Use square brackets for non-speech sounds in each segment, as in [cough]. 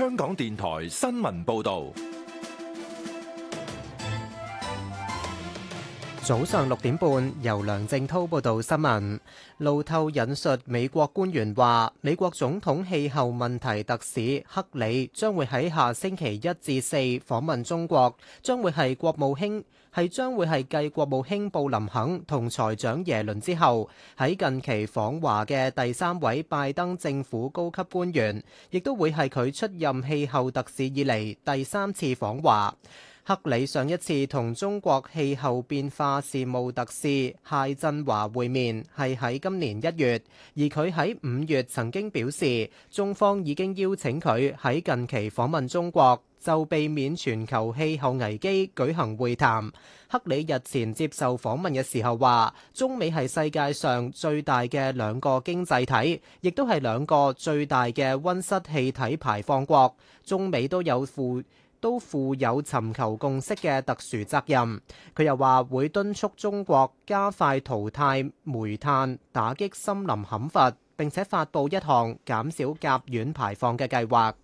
香港電台新聞報道。早上六點半，由梁正濤報道新聞。路透引述美國官員話：美國總統氣候問題特使克里將會喺下星期一至四訪問中國，將會係國務卿，係將會係繼國務卿布林肯同財長耶倫之後，喺近期訪華嘅第三位拜登政府高級官員，亦都會係佢出任氣候特使以嚟第三次訪華。克里上一次同中國氣候變化事務特使解振華會面係喺今年一月，而佢喺五月曾經表示，中方已經邀請佢喺近期訪問中國，就避免全球氣候危機舉行會談。克里日前接受訪問嘅時候話，中美係世界上最大嘅兩個經濟體，亦都係兩個最大嘅溫室氣體排放國，中美都有負。都負有尋求共識嘅特殊責任。佢又話會敦促中國加快淘汰煤炭、打擊森林砍伐，並且發布一項減少甲烷排放嘅計劃。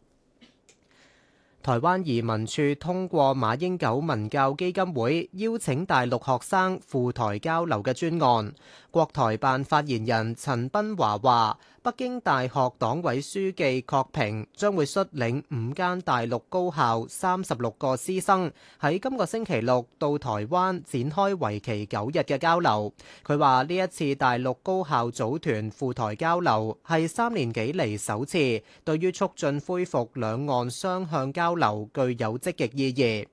台灣移民署通過馬英九民教基金會邀請大陸學生赴台交流嘅專案。國台辦發言人陳斌華話。北京大學黨委書記郝平將會率領五間大陸高校三十六個師生喺今個星期六到台灣展開為期九日嘅交流。佢話呢一次大陸高校組團赴台交流係三年幾嚟首次，對於促進恢復兩岸雙向交流具有積極意義。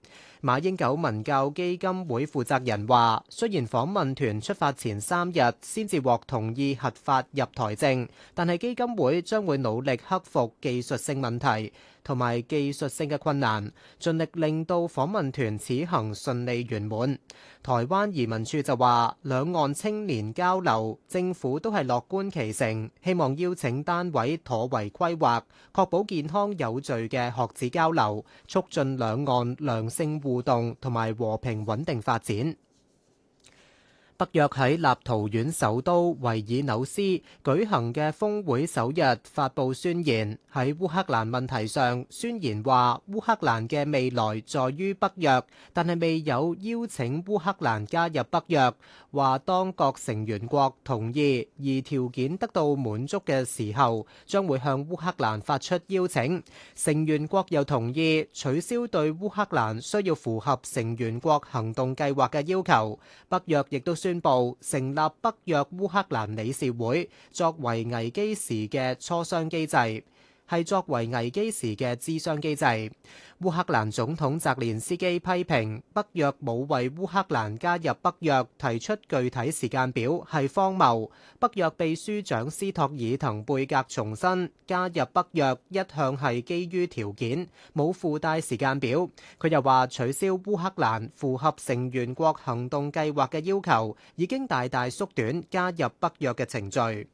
馬英九文教基金會負責人話，雖然訪問團出發前三日先至獲同意核發入台證，但係基金會將會努力克服技術性問題。同埋技術性嘅困難，盡力令到訪問團此行順利圓滿。台灣移民署就話，兩岸青年交流政府都係樂觀其成，希望邀請單位妥為規劃，確保健康有序嘅學子交流，促進兩岸良性互動同埋和平穩定發展。北約喺立陶宛首都維爾紐斯舉行嘅峰會首日發佈宣言，喺烏克蘭問題上，宣言話烏克蘭嘅未來在於北約，但係未有邀請烏克蘭加入北約，話當各成員國同意而條件得到滿足嘅時候，將會向烏克蘭發出邀請。成員國又同意取消對烏克蘭需要符合成員國行動計劃嘅要求。北約亦都宣布成立北約烏克蘭理事會，作為危機時嘅磋商機制。係作為危機時嘅諮商機制。烏克蘭總統澤連斯基批評北約冇為烏克蘭加入北約提出具體時間表，係荒謬。北約秘書長斯托爾滕貝格重申，加入北約一向係基於條件，冇附帶時間表。佢又話，取消烏克蘭符合成員國行動計劃嘅要求，已經大大縮短加入北約嘅程序。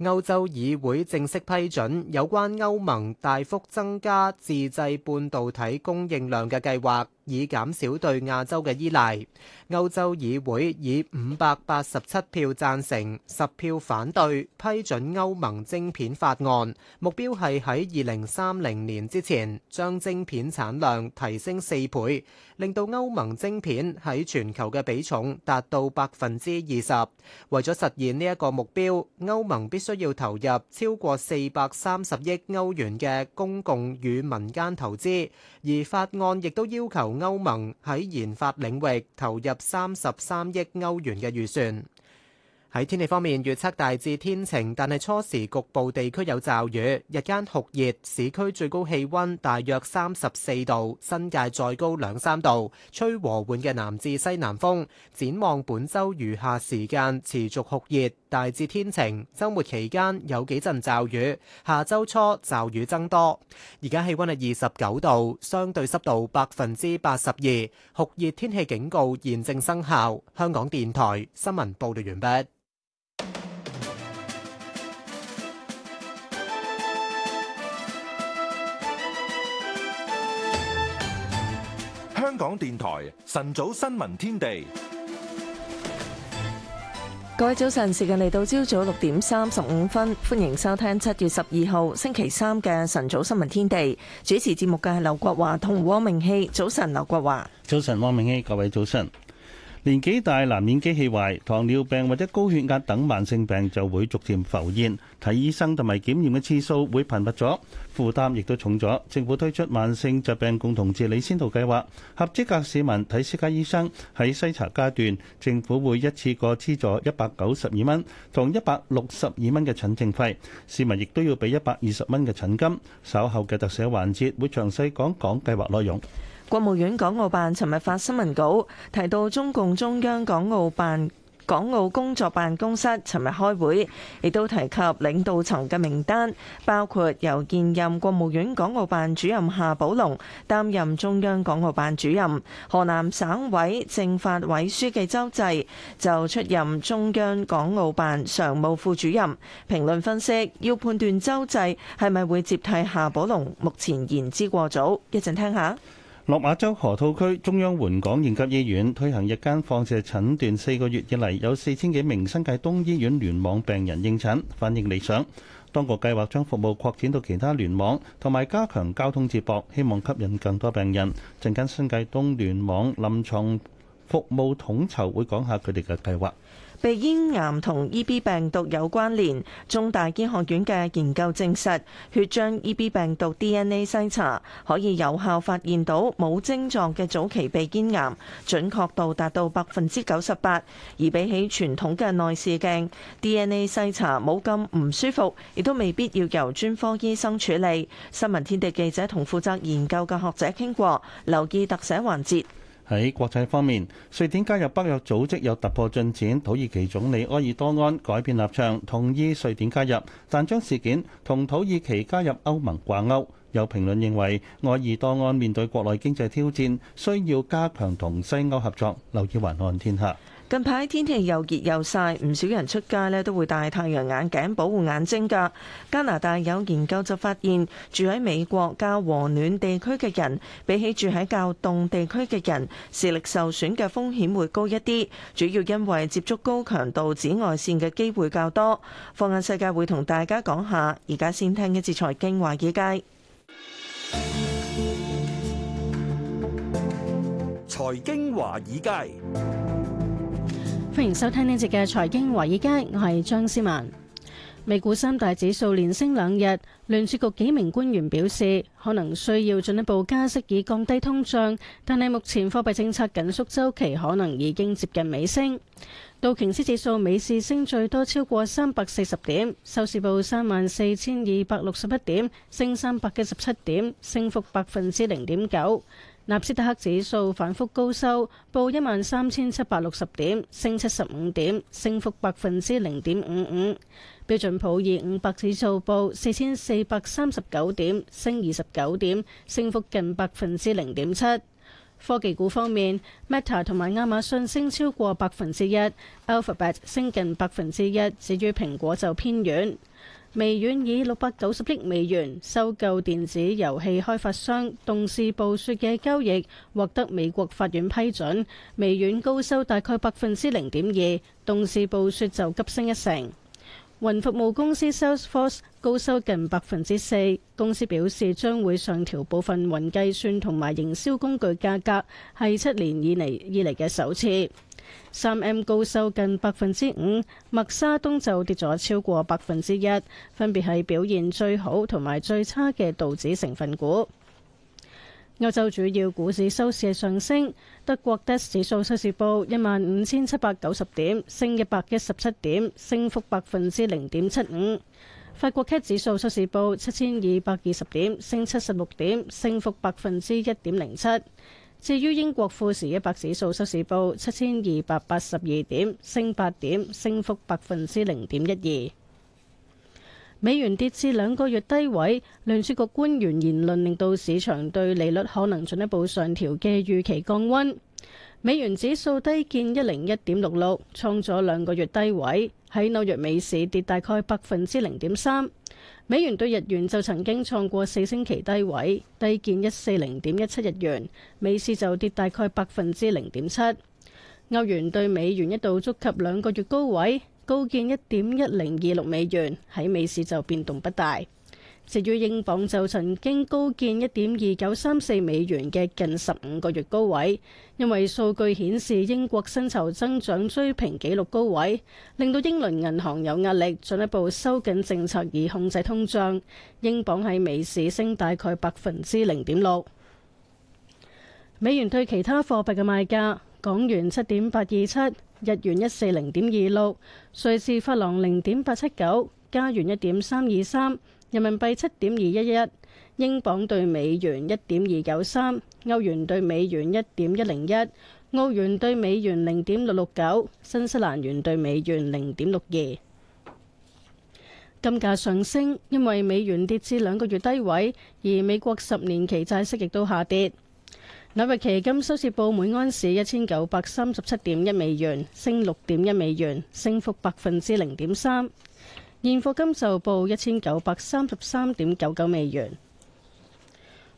歐洲議會正式批准有關歐盟大幅增加自製半導體供應量嘅計劃。以減少對亞洲嘅依賴。歐洲議會以五百八十七票贊成，十票反對，批准歐盟晶片法案。目標係喺二零三零年之前將晶片產量提升四倍，令到歐盟晶片喺全球嘅比重達到百分之二十。為咗實現呢一個目標，歐盟必須要投入超過四百三十億歐元嘅公共與民間投資，而法案亦都要求。歐盟喺研發領域投入三十三億歐元嘅預算。喺天氣方面，預測大致天晴，但係初時局部地區有驟雨，日間酷熱，市區最高氣溫大約三十四度，新界再高兩三度，吹和緩嘅南至西南風。展望本周餘下時間持續酷熱，大致天晴，週末期間有幾陣驟雨，下週初驟雨增多。而家氣溫係二十九度，相對濕度百分之八十二，酷熱天氣警告現正生效。香港電台新聞報道完畢。港電台晨早新聞天地，各位早晨，時間嚟到朝早六點三十五分，歡迎收聽七月十二號星期三嘅晨早新聞天地。主持節目嘅係劉國華同汪明熙。早晨，劉國華。早晨，汪明熙。各位早晨。年紀大難免機器壞，糖尿病或者高血壓等慢性病就會逐漸浮現，睇醫生同埋檢驗嘅次數會頻密咗，負擔亦都重咗。政府推出慢性疾病共同治理先導計劃，合資格市民睇私家醫生喺篩查階段，政府會一次過資助一百九十二蚊同一百六十二蚊嘅診症費，市民亦都要俾一百二十蚊嘅診金。稍後嘅特寫環節會詳細講講計劃內容。國務院港澳辦尋日發新聞稿，提到中共中央港澳辦港澳工作辦公室尋日開會，亦都提及領導層嘅名單，包括由現任國務院港澳辦主任夏寶龍擔任中央港澳辦主任。河南省委政法委書記周濟就出任中央港澳辦常務副主任。評論分析要判斷周濟係咪會接替夏寶龍，目前言之過早。一陣聽下。落馬洲河套區中央援港應急醫院推行日間放射診斷四個月以嚟，有四千幾名新界東醫院聯網病人應診，反應理想。當局計劃將服務擴展到其他聯網，同埋加強交通接駁，希望吸引更多病人。陣間新界東聯網臨床服務統籌會講下佢哋嘅計劃。鼻咽癌同 EB 病毒有關聯，中大醫學院嘅研究證實，血漿 EB 病毒 DNA 篩查可以有效發現到冇症狀嘅早期鼻咽癌，準確度達到百分之九十八。而比起傳統嘅內視鏡，DNA 篩查冇咁唔舒服，亦都未必要由專科醫生處理。新聞天地記者同負責研究嘅學者傾過，留意特寫環節。喺國際方面，瑞典加入北約組織有突破進展。土耳其總理埃爾多安改變立場，同意瑞典加入，但將事件同土耳其加入歐盟掛鈎。有評論認為，埃爾多安面對國內經濟挑戰，需要加強同西歐合作。留意環看天下。近排天氣又熱又曬，唔少人出街咧，都會戴太陽眼鏡保護眼睛噶。加拿大有研究就發現，住喺美國較和暖地區嘅人，比起住喺較凍地區嘅人，視力受損嘅風險會高一啲，主要因為接觸高強度紫外線嘅機會較多。放眼世界，會同大家講下。而家先聽一節財經華爾街。財經華爾街。歡迎收聽呢節嘅財經華爾街，我係張思曼。美股三大指數連升兩日，聯儲局幾名官員表示，可能需要進一步加息以降低通脹，但係目前貨幣政策緊縮周期可能已經接近尾聲。道瓊斯指數美市升最多超過三百四十點，收市報三萬四千二百六十一點，升三百一十七點，升幅百分之零點九。納斯達克指數反覆高收，報一萬三千七百六十點，升七十五點，升幅百分之零點五五。標準普爾五百指數報四千四百三十九點，升二十九點，升幅近百分之零點七。科技股方面，Meta 同埋亞馬遜升超過百分之一，Alphabet 升近百分之一，至於蘋果就偏軟。微軟以六百九十億美元收購電子遊戲開發商動視暴雪嘅交易獲得美國法院批准，微軟高收大概百分之零點二，動視暴雪就急升一成。雲服務公司 Salesforce 高收近百分之四，公司表示將會上調部分雲計算同埋營銷工具價格，係七年以嚟以嚟嘅首次。三 M 高收近百分之五，默沙東就跌咗超過百分之一，分別係表現最好同埋最差嘅道指成分股。歐洲主要股市收市上升，德國 DAX 指數收市報一萬五千七百九十點，升一百一十七點，升幅百分之零點七五；法國 CAC 指數收市報七千二百二十點，升七十六點，升幅百分之一點零七。至於英國富時一百指數收市報七千二百八十二點，升八點，升幅百分之零點一二。美元跌至兩個月低位，聯儲局官員言論令到市場對利率可能進一步上調嘅預期降溫。美元指數低見一零一點六六，創咗兩個月低位，喺紐約美市跌大概百分之零點三。美元兌日元就曾經創過四星期低位，低見一四零點一七日元，美市就跌大概百分之零點七。歐元對美元一度觸及兩個月高位，高見一點一零二六美元，喺美市就變動不大。至於英鎊就曾經高見一點二九三四美元嘅近十五個月高位，因為數據顯示英國薪酬增長追平紀錄高位，令到英倫銀行有壓力進一步收緊政策以控制通脹。英鎊喺美市升大概百分之零點六，美元對其他貨幣嘅賣價：港元七點八二七，日元一四零點二六，瑞士法郎零點八七九，加元一點三二三。人民幣七點二一一，英鎊兌美元一點二九三，歐元兌美元一點一零一，澳元兌美元零點六六九，新西蘭元兌美元零點六二。金價上升，因為美元跌至兩個月低位，而美國十年期債息亦都下跌。紐約期金收市報每安士一千九百三十七點一美元，升六點一美元，升幅百分之零點三。現貨金就報一千九百三十三點九九美元，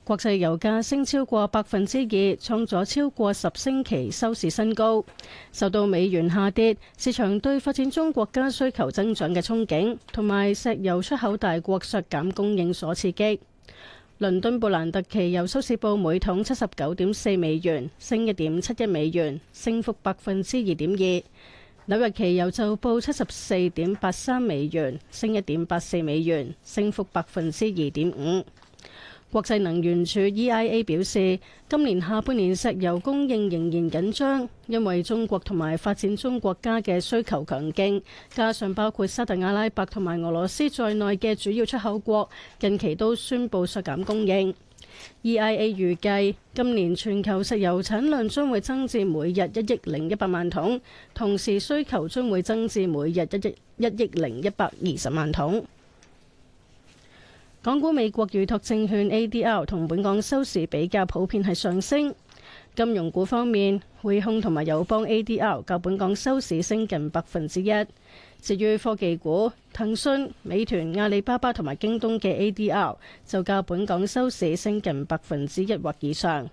國際油價升超過百分之二，創咗超過十星期收市新高，受到美元下跌、市場對發展中國家需求增長嘅憧憬，同埋石油出口大國削減供應所刺激。倫敦布蘭特期油收市報每桶七十九點四美元，升一點七一美元，升幅百分之二點二。紐約期油就報七十四點八三美元，升一點八四美元，升幅百分之二點五。國際能源署 EIA 表示，今年下半年石油供應仍然緊張，因為中國同埋發展中國家嘅需求強勁，加上包括沙特阿拉伯同埋俄羅斯在內嘅主要出口國近期都宣布削減供應。EIA 預計今年全球石油產量將會增至每日一億零一百萬桶，同時需求將會增至每日一億零一百二十萬桶。港股美國預託證券 ADR 同本港收市比較普遍係上升。金融股方面，匯控同埋友邦 ADR 較本港收市升近百分之一。至於科技股，騰訊、美團、阿里巴巴同埋京東嘅 ADR 就較本港收市升近百分之一或以上。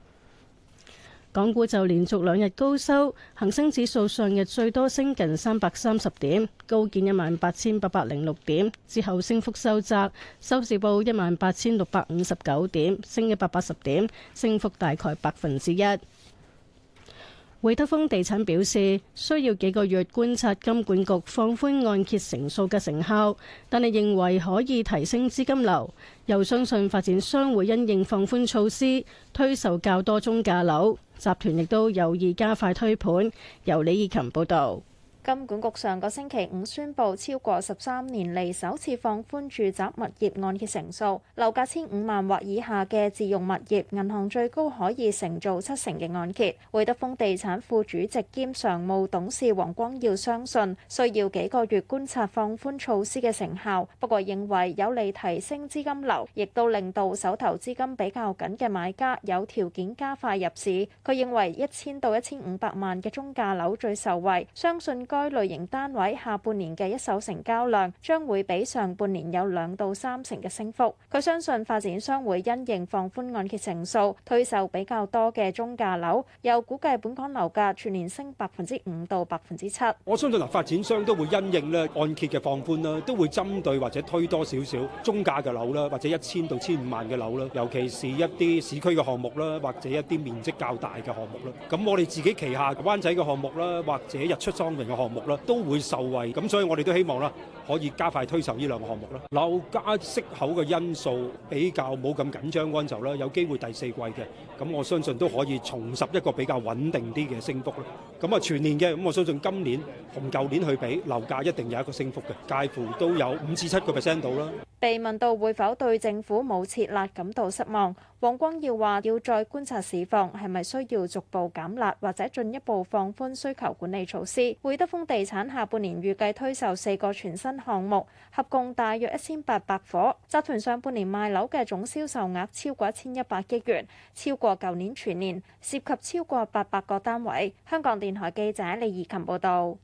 港股就連續兩日高收，恒生指數上日最多升近三百三十點，高見一萬八千八百零六點，之後升幅收窄，收市報一萬八千六百五十九點，升一百八十點，升幅大概百分之一。會德豐地產表示需要幾個月觀察金管局放寬按揭成數嘅成效，但係認為可以提升資金流，又相信發展商會因應放寬措施推售較多中價樓。集團亦都有意加快推盤。由李義琴報道。金管局上個星期五宣布，超過十三年嚟首次放寬住宅物業按揭成數，樓價千五萬或以下嘅自用物業，銀行最高可以承造七成嘅按揭。會德豐地產副主席兼常務董事黃光耀相信，需要幾個月觀察放寬措施嘅成效，不過認為有利提升資金流，亦都令到手頭資金比較緊嘅買家有條件加快入市。佢認為一千到一千五百萬嘅中價樓最受惠，相信剛該類型單位下半年嘅一手成交量將會比上半年有兩到三成嘅升幅。佢相信發展商會因應放寬按揭成數，推售比較多嘅中價樓。又估計本港樓價全年升百分之五到百分之七。我相信嗱，發展商都會因應咧按揭嘅放寬啦，都會針對或者推多少少中價嘅樓啦，或者一千到千五萬嘅樓啦，尤其是一啲市區嘅項目啦，或者一啲面積較大嘅項目啦。咁我哋自己旗下灣仔嘅項目啦，或者日出莊榮嘅項目。目啦，都會受惠咁，所以我哋都希望啦，可以加快推售呢兩個項目啦。樓價息口嘅因素比較冇咁緊張嗰陣就啦，有機會第四季嘅咁，我相信都可以重拾一個比較穩定啲嘅升幅啦。咁啊，全年嘅咁，我相信今年同舊年去比樓價一定有一個升幅嘅，介乎都有五至七個 percent 度啦。被問到會否對政府冇設立感到失望。王光耀話：要再觀察市況，係咪需要逐步減辣或者進一步放寬需求管理措施。會德豐地產下半年預計推售四個全新項目，合共大約一千八百伙。集團上半年賣樓嘅總銷售額超過一千一百億元，超過舊年全年，涉及超過八百個單位。香港電台記者李怡琴報道。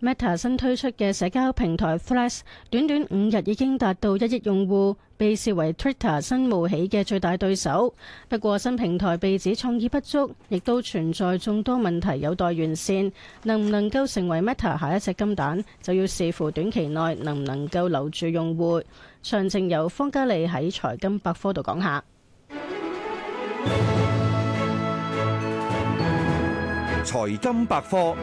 Meta 新推出嘅社交平台 Threads 短短五日已經達到一億用戶，被視為 Twitter 新冒起嘅最大對手。不過新平台被指創意不足，亦都存在眾多問題有待完善。能唔能夠成為 Meta 下一隻金蛋，就要視乎短期內能唔能夠留住用戶。詳情由方嘉莉喺財金百科度講下。財金百科。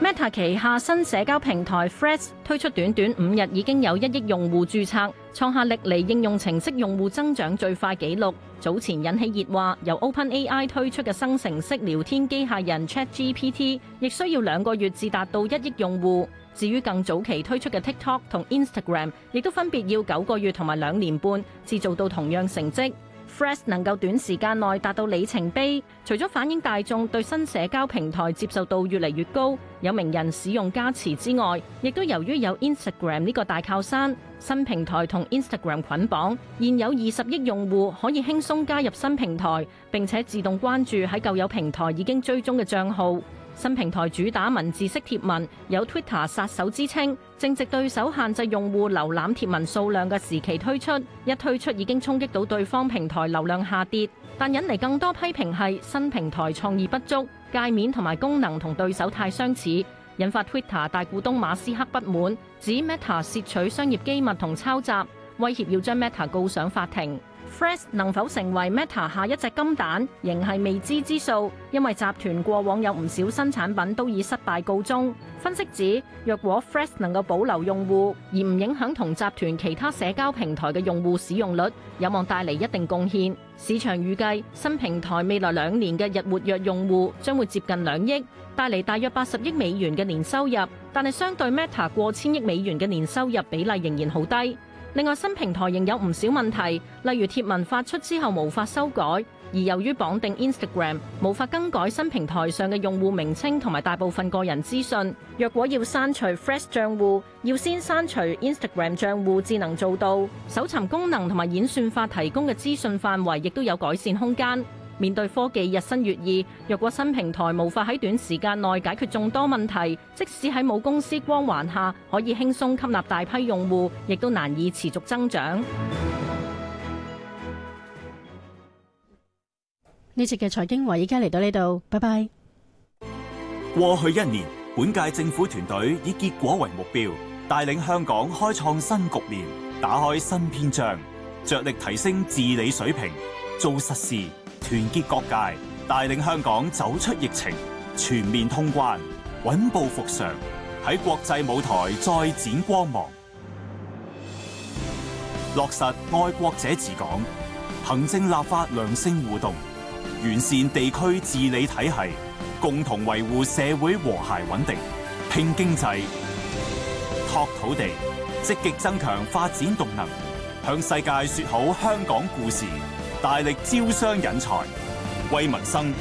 Meta 旗下新社交平台 Threads 推出短短五日，已經有一億用戶註冊，創下歷嚟應用程式用戶增長最快紀錄。早前引起熱話，由 OpenAI 推出嘅生成式聊天機械人 ChatGPT，亦需要兩個月至達到一億用戶。至於更早期推出嘅 TikTok 同 Instagram，亦都分別要九個月同埋兩年半至做到同樣成績。Threads 能夠短時間內達到里程碑，除咗反映大眾對新社交平台接受度越嚟越高，有名人使用加持之外，亦都由於有 Instagram 呢個大靠山，新平台同 Instagram 捆綁，現有二十億用戶可以輕鬆加入新平台，並且自動關注喺舊有平台已經追蹤嘅帳號。新平台主打文字式貼文，有 Twitter 殺手之稱。，正值對手限制用戶瀏覽貼文數量嘅時期推出，一推出已經衝擊到對方平台流量下跌，但引嚟更多批評係新平台創意不足、界面同埋功能同對手太相似，引發 Fresh 能否成為 Meta 下一隻金蛋，仍係未知之數。因為集團過往有唔少新產品都以失敗告終。分析指，若果 Fresh 能夠保留用戶，而唔影響同集團其他社交平台嘅用戶使用率，有望帶嚟一定貢獻。市場預計新平台未來兩年嘅日活躍用戶將會接近兩億，帶嚟大約八十億美元嘅年收入。但係相對 Meta 過千億美元嘅年收入比例仍然好低。另外，新平台仍有唔少問題，例如貼文發出之後無法修改，而由於綁定 Instagram，無法更改新平台上嘅用戶名稱同埋大部分個人資訊。若果要刪除 Fresh 賬戶，要先刪除 Instagram 賬戶，至能做到。搜尋功能同埋演算法提供嘅資訊範圍，亦都有改善空間。面對科技日新月異，若果新平台無法喺短時間內解決眾多問題，即使喺母公司光環下可以輕鬆吸納大批用戶，亦都難以持續增長。呢節嘅財經話，而家嚟到呢度，拜拜。過去一年，本屆政府團隊以結果為目標，帶領香港開創新局面，打開新篇章，着力提升治理水平，做實事。團結各界，帶領香港走出疫情，全面通關，穩步復常，喺國際舞台再展光芒。落實愛國者治港，行政立法良性互動，完善地區治理體系，共同維護社會和諧穩定，拼經濟，拓土地，積極增強發展動能，向世界說好香港故事。大力招商引才，為民生，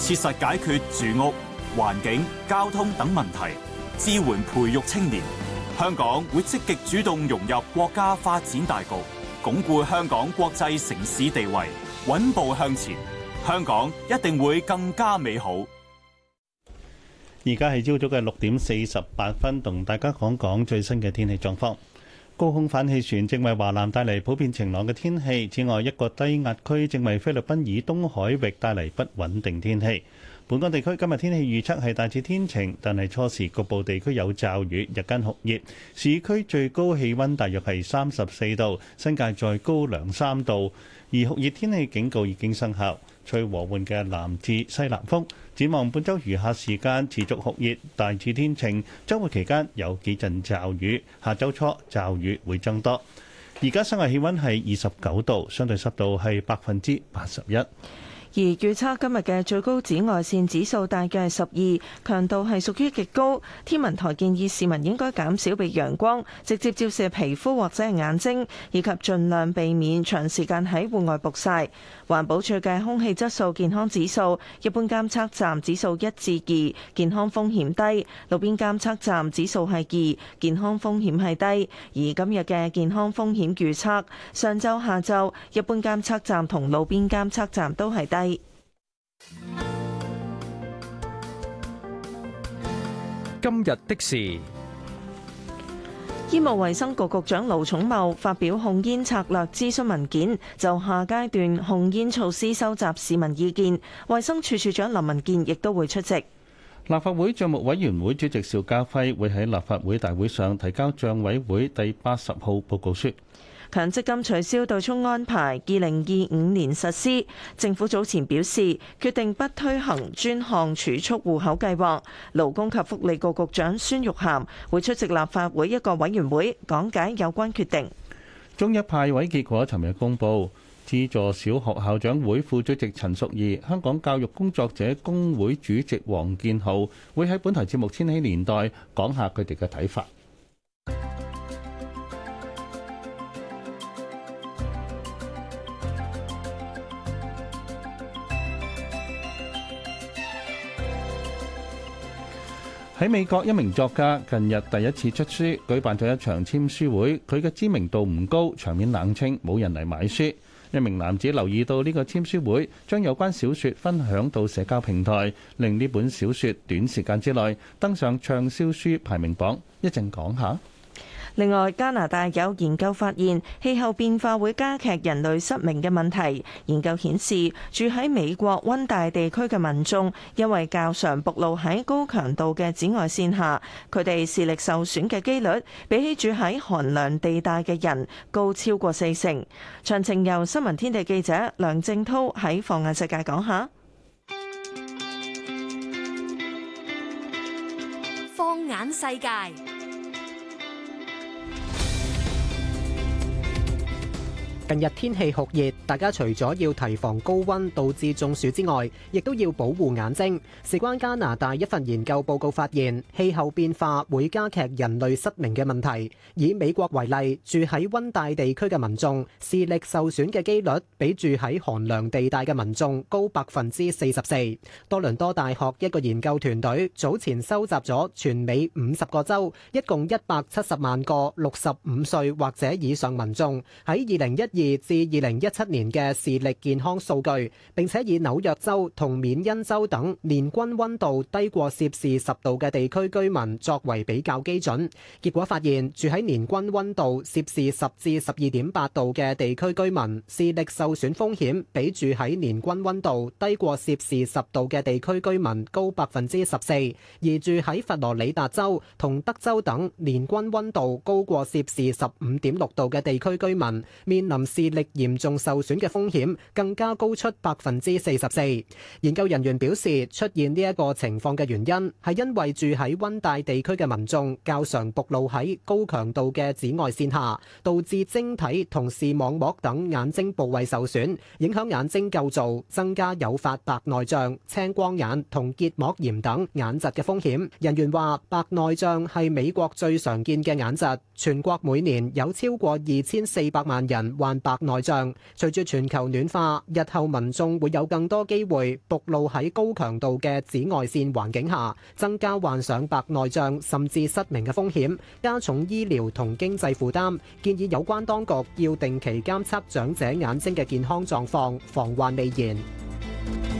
切實解決住屋、環境、交通等問題，支援培育青年。香港會積極主動融入國家發展大局，鞏固香港國際城市地位，穩步向前。香港一定會更加美好。而家係朝早嘅六點四十八分，同大家講講最新嘅天氣狀況。高空反氣旋正為華南帶嚟普遍晴朗嘅天氣，此外一個低壓區正為菲律賓以東海域帶嚟不穩定天氣。本港地區今日天氣預測係大致天晴，但係初時局部地區有驟雨，日間酷熱，市區最高氣温大約係三十四度，新界再高兩三度，而酷熱天氣警告已經生效。吹和緩嘅南至西南風，展望本周餘下時間持續酷熱、大致天晴。周末期間有幾陣驟雨，下周初驟雨會增多。而家室外氣温係二十九度，相對濕度係百分之八十一。而預測今日嘅最高紫外線指數大概係十二，強度係屬於極高。天文台建議市民應該減少被陽光直接照射皮膚或者係眼睛，以及盡量避免長時間喺戶外曝曬。環保署嘅空氣質素健康指數，一般監測站指數一至二，健康風險低；路邊監測站指數係二，健康風險係低。而今日嘅健康風險預測，上晝下晝一般監測站同路邊監測站都係低。今日的事。醫務衛生局局長盧寵茂發表控煙策略諮詢文件，就下階段控煙措施收集市民意見。衛生署署長林文健亦都會出席。立法會賬目委員會主席邵家輝會喺立法會大會上提交賬委會第八十號報告書。強積金取消對沖安排，二零二五年實施。政府早前表示，決定不推行專項儲蓄戶口計劃。勞工及福利局局長孫玉菡會出席立法會一個委員會，講解有關決定。中一派位結果尋日公布，資助小學校長會副主席陳淑儀、香港教育工作者工會主席王建豪會喺本台節目《千禧年代》講下佢哋嘅睇法。喺美國，一名作家近日第一次出書，舉辦咗一場簽書會。佢嘅知名度唔高，場面冷清，冇人嚟買書。一名男子留意到呢個簽書會，將有關小說分享到社交平台，令呢本小說短時間之內登上暢銷書排名榜。一陣講下。另外，加拿大有研究發現，氣候變化會加劇人類失明嘅問題。研究顯示，住喺美國温帶地區嘅民眾，因為較常暴露喺高強度嘅紫外線下，佢哋視力受損嘅機率，比起住喺寒涼地帶嘅人，高超過四成。詳情由新聞天地記者梁正滔喺《放眼世界》講下，《放眼世界》。近日天氣酷熱，大家除咗要提防高温導致中暑之外，亦都要保護眼睛。事關加拿大一份研究報告發現，氣候變化會加劇人類失明嘅問題。以美國為例，住喺温帶地區嘅民眾視力受損嘅機率，比住喺寒涼地帶嘅民眾高百分之四十四。多倫多大學一個研究團隊早前收集咗全美五十個州，一共一百七十萬個六十五歲或者以上民眾喺二零一二至二零一七年嘅視力健康數據，並且以紐約州同緬因州等年均温度低過攝氏十度嘅地區居民作為比較基準，結果發現，住喺年均温度攝氏十至十二點八度嘅地區居民視力受損風險，比住喺年均温度低過攝氏十度嘅地區居民高百分之十四，而住喺佛羅里達州同德州等年均温度高過攝氏十五點六度嘅地區居民面臨。視力嚴重受損嘅風險更加高出百分之四十四。研究人員表示，出現呢一個情況嘅原因係因為住喺溫帶地區嘅民眾較常暴露喺高強度嘅紫外線下，導致晶體同視網膜等眼睛部位受損，影響眼睛構造，增加誘發白內障、青光眼同結膜炎等眼疾嘅風險。人員話，白內障係美國最常見嘅眼疾。全國每年有超過二千四百萬人患白內障。隨住全球暖化，日後民眾會有更多機會暴露喺高強度嘅紫外線環境下，增加患上白內障甚至失明嘅風險，加重醫療同經濟負擔。建議有關當局要定期監測長者眼睛嘅健康狀況，防患未然。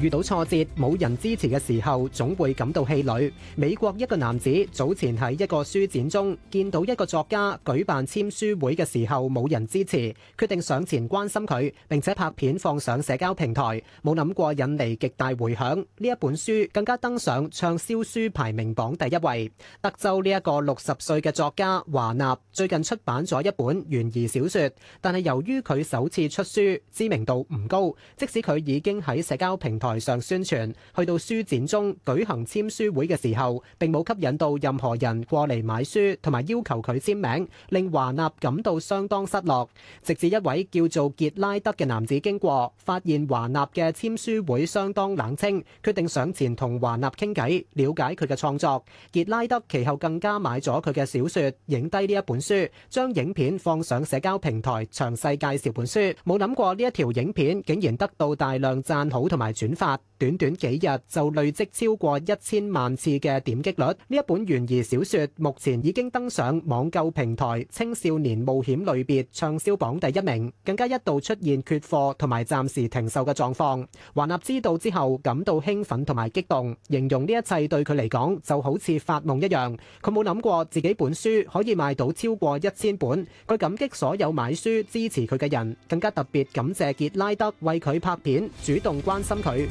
遇到挫折冇人支持嘅時候，總會感到氣餒。美國一個男子早前喺一個書展中見到一個作家舉辦簽書會嘅時候冇人支持，決定上前關心佢，並且拍片放上社交平台，冇諗過引嚟極大回響。呢一本書更加登上暢銷書排名榜第一位。德州呢一個六十歲嘅作家華納最近出版咗一本懸疑小說，但係由於佢首次出書知名度唔高，即使佢已經喺社交平台台上宣傳，去到書展中舉行簽書會嘅時候，並冇吸引到任何人過嚟買書同埋要求佢簽名，令華納感到相當失落。直至一位叫做傑拉德嘅男子經過，發現華納嘅簽書會相當冷清，決定上前同華納傾偈，了解佢嘅創作。傑拉德其後更加買咗佢嘅小說，影低呢一本書，將影片放上社交平台，詳細介紹本書。冇諗過呢一條影片竟然得到大量讚好同埋轉發短短幾日就累積超過一千萬次嘅點擊率，呢一本懸疑小說目前已經登上網購平台青少年冒險類別暢銷榜第一名，更加一度出現缺貨同埋暫時停售嘅狀況。華納知道之後感到興奮同埋激動，形容呢一切對佢嚟講就好似發夢一樣。佢冇諗過自己本書可以賣到超過一千本，佢感激所有買書支持佢嘅人，更加特別感謝傑拉德為佢拍片，主動關心佢。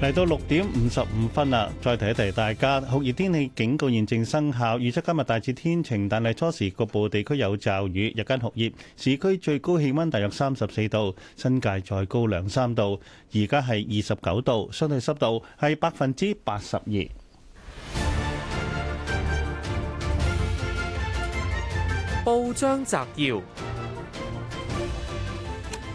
嚟到六點五十五分啦，再提一提大家酷熱天氣警告現正生效，預測今日大致天晴，但係初時局部地區有驟雨，日間酷熱。市區最高氣溫大約三十四度，新界再高兩三度，而家係二十九度，相對濕度係百分之八十二。張澤耀：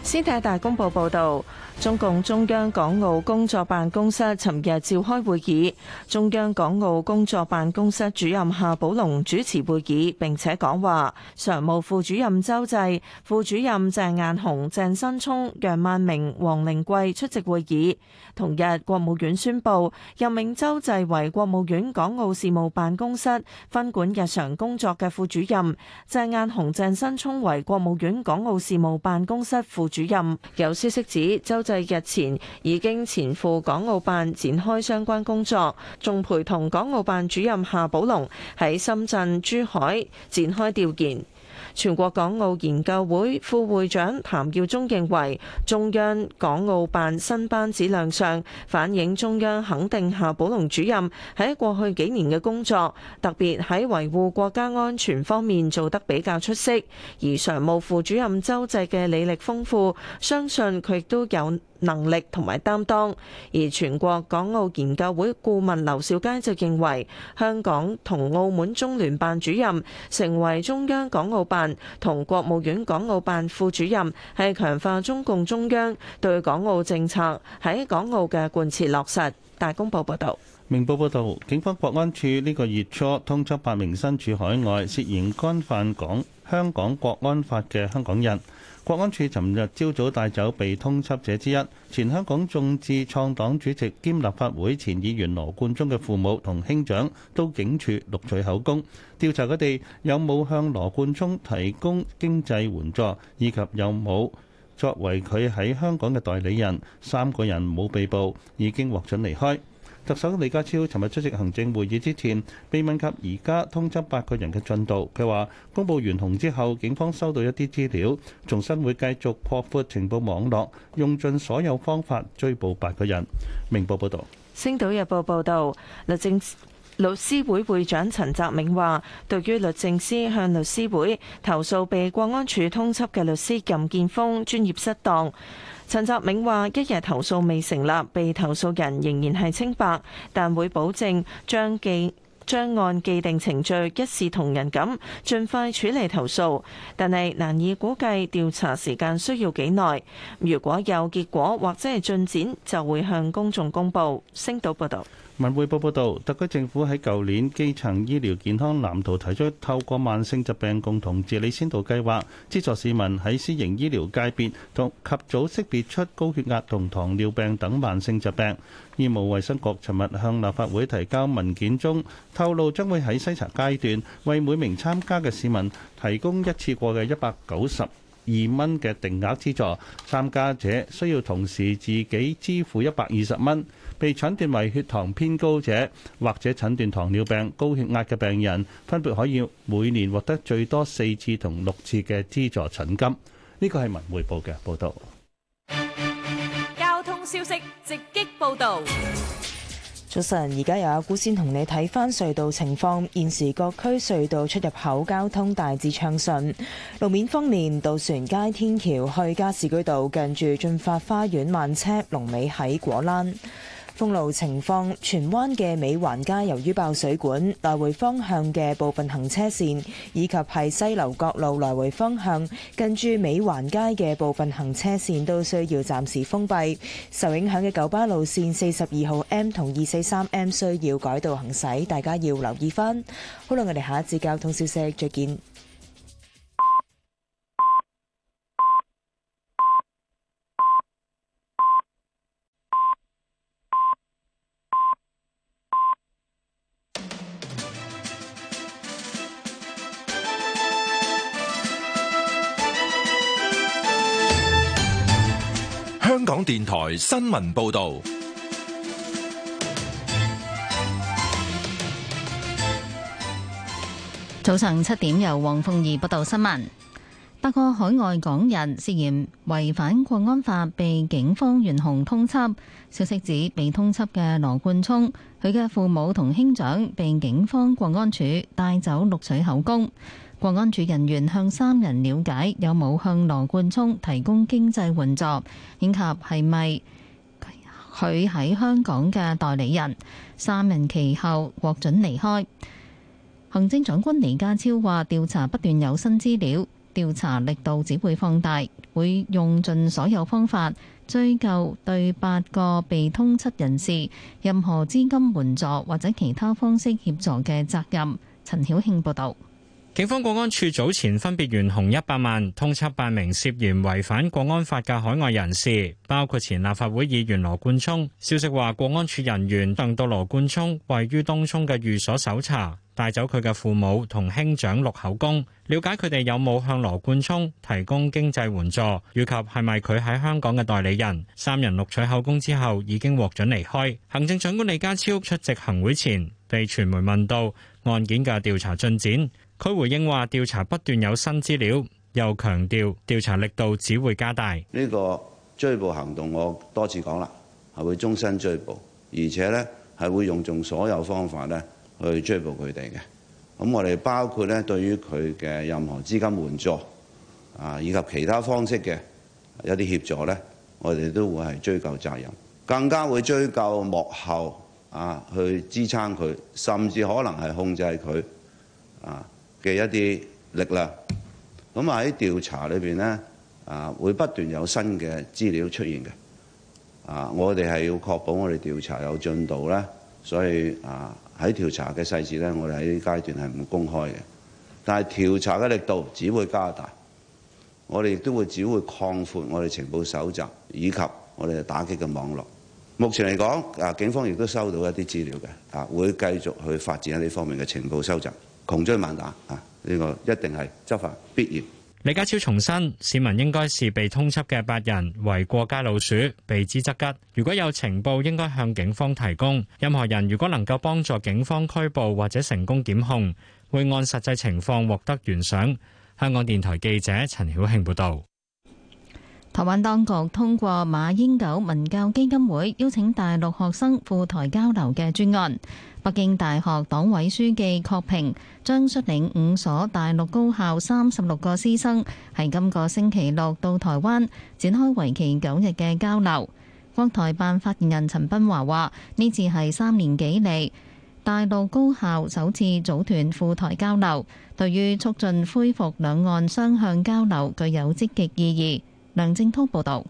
先睇大公報報道。中共中央港澳工作辦公室尋日召開會議，中央港澳工作辦公室主任夏寶龍主持會議，並且講話。常務副主任周濟、副主任鄭雁雄、鄭新聰、楊萬明、王靈桂出席會議，同日，國務院宣布任命周濟為國務院港澳事務辦公室分管日常工作嘅副主任，鄭雁雄、鄭新聰為國務院港澳事務辦公室副主任。有消息指周。就日前已經前赴港澳辦展開相關工作，仲陪同港澳辦主任夏寶龍喺深圳、珠海展開調研。全國港澳研究會副會長譚耀宗認為，中央港澳辦新班子亮相，反映中央肯定夏寶龍主任喺過去幾年嘅工作，特別喺維護國家安全方面做得比較出色，而常務副主任周濟嘅履歷豐富，相信佢亦都有能力同埋擔當，而全國港澳研究會顧問劉兆佳就認為，香港同澳門中聯辦主任成為中央港澳辦同國務院港澳辦副主任，係強化中共中央對港澳政策喺港澳嘅貫徹落實。大公報報導，明報報導，警方國安處呢個月初通緝八名身處海外涉嫌干犯港香港國安法嘅香港人。國安處尋日朝早帶走被通緝者之一，前香港眾志創黨主席兼立法會前議員羅冠聰嘅父母同兄長，到警署錄取口供，調查佢哋有冇向羅冠聰提供經濟援助，以及有冇作為佢喺香港嘅代理人。三個人冇被捕，已經獲准離開。特首李家超尋日出席行政會議之前，被問及而家通緝八個人嘅進度，佢話：公佈完紅之後，警方收到一啲資料，重新會繼續擴闊情報網絡，用盡所有方法追捕八個人。明報報導，《星島日報》報道，律政律師會會長陳澤銘話：對於律政司向律師會投訴被國安處通緝嘅律師任建峰專業失當。陳澤銘話：一日投訴未成立，被投訴人仍然係清白，但會保證將記將按既定程序一視同仁咁，盡快處理投訴。但係難以估計調查時間需要幾耐。如果有結果或者係進展，就會向公眾公佈。星島報道。文匯報報道特區政府喺舊年基層醫療健康藍圖提出透過慢性疾病共同治理先導計劃資助市民喺私營醫療界別同及早識別出高血壓同糖尿病等慢性疾病醫務衛生局尋日向立法會提交文件中透露將會喺篩查階段為每名參加嘅市民提供一次過嘅被診斷為血糖偏高者，或者診斷糖尿病、高血壓嘅病人，分別可以每年獲得最多四次同六次嘅資助診金。呢個係文匯報嘅報導。交通消息直擊報導。早晨，而家又有阿姑先同你睇返隧道情況。現時各區隧道出入口交通大致暢順。路面方面，渡船街天橋去加士居道近住駿發花園慢車，龍尾喺果欄。封路情況,荃灣嘅美環街由於爆水管,來回方向嘅部分行車線,以及係西樓角路來回方向近住美環街嘅部分行車線都需要暫時封閉。受影響嘅九巴路線四十二號 M 同二四三 M 需要改道行駛,大家要留意返。好啦,我哋下一節交通消息,再見。香港電台新聞報道，早上七點由黃鳳儀報道新聞。八個海外港人涉嫌違反國安法被警方懸紅通緝，消息指被通緝嘅羅冠聰，佢嘅父母同兄長被警方國安處帶走錄取口供。國安處人員向三人了解有冇向羅冠聰提供經濟援助，以及係咪佢喺香港嘅代理人。三人其後獲准離開。行政長官李家超話：調查不斷有新資料，調查力度只會放大，會用盡所有方法追究對八個被通緝人士任何資金援助或者其他方式協助嘅責任。陳曉慶報導。警方國安處早前分別懸紅一百萬通緝八名涉嫌違反國安法嘅海外人士，包括前立法會議員羅冠聰。消息話，國安處人員上到羅冠聰位於東涌嘅寓所搜查，帶走佢嘅父母同兄長錄口供，了解佢哋有冇向羅冠聰提供經濟援助，以及係咪佢喺香港嘅代理人。三人錄取口供之後，已經獲准離開。行政長官李家超出席行會前，被傳媒問到案件嘅調查進展。佢回應話：調查不斷有新資料，又強調調查力度只會加大。呢個追捕行動，我多次講啦，係會終身追捕，而且呢係會用盡所有方法呢去追捕佢哋嘅。咁我哋包括呢對於佢嘅任何資金援助啊，以及其他方式嘅一啲協助呢，我哋都會係追究責任，更加會追究幕後啊去支撐佢，甚至可能係控制佢啊，嘅一啲力量，咁啊喺調查裏邊咧，啊會不斷有新嘅資料出現嘅，啊我哋係要確保我哋調查有進度咧，所以啊喺調查嘅細節咧，我哋喺階段係唔公開嘅，但係調查嘅力度只會加大，我哋亦都會只會擴闊我哋情報搜集以及我哋打擊嘅網絡，目前嚟講啊警方亦都收到一啲資料嘅，啊會繼續去發展喺呢方面嘅情報收集。窮追猛打啊！呢、這個一定係執法必要。李家超重申，市民應該視被通緝嘅八人為過街老鼠，避之則吉。如果有情報，應該向警方提供。任何人如果能夠幫助警方拘捕或者成功檢控，會按實際情況獲得懸賞。香港電台記者陳曉慶報導。台灣當局通過馬英九文教基金會邀請大陸學生赴台交流嘅專案，北京大學黨委書記郝平將率領五所大陸高校三十六個師生，喺今個星期六到台灣展開為期九日嘅交流。國台辦發言人陳斌華話，呢次係三年幾嚟大陸高校首次組團赴台交流，對於促進恢復兩岸雙向交流具有積極意義。梁振滔報道。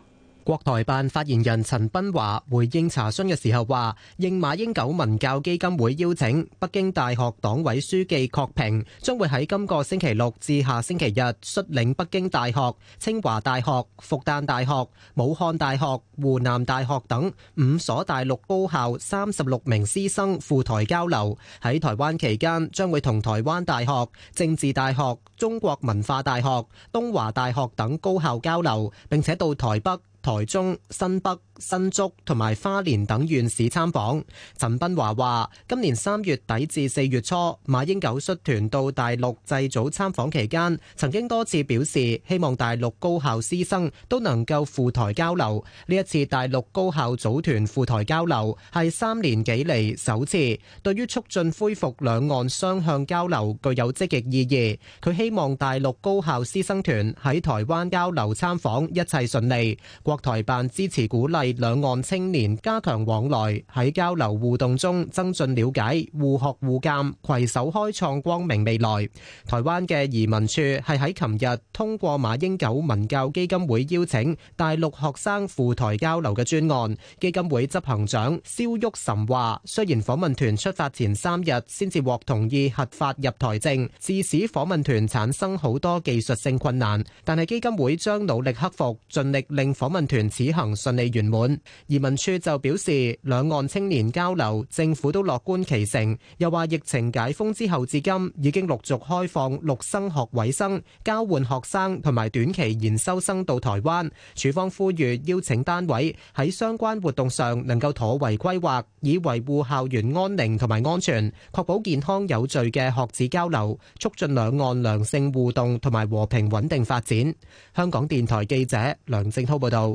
國台辦發言人陳斌華回應查詢嘅時候話，應馬英九文教基金會邀請，北京大學黨委書記郝平將會喺今個星期六至下星期日率領北京大學、清華大學、復旦大學、武漢大學、湖南大學等五所大陸高校三十六名師生赴台交流。喺台灣期間，將會同台灣大學、政治大學、中國文化大學、東華大學等高校交流，並且到台北、台中、新北、新竹同埋花蓮等縣市參訪，陳斌華話：今年三月底至四月初，馬英九率團到大陸祭祖參訪期間，曾經多次表示希望大陸高校師生都能夠赴台交流。呢一次大陸高校組團赴台交流係三年幾嚟首次，對於促進恢復兩岸雙向交流具有積極意義。佢希望大陸高校師生團喺台灣交流參訪一切順利。國台辦支持鼓勵兩岸青年加強往來，喺交流互動中增進了解互學互鑑，團此行順利圓滿，移民處就表示兩岸青年交流，政府都樂觀其成。又話疫情解封之後至今，已經陸續開放陸生學位生、交換學生同埋短期研修生到台灣。署方呼籲邀請單位喺相關活動上能夠妥為規劃，以維護校園安寧同埋安全，確保健康有序嘅學子交流，促進兩岸良性互動同埋和平穩定發展。香港電台記者梁正濤報道。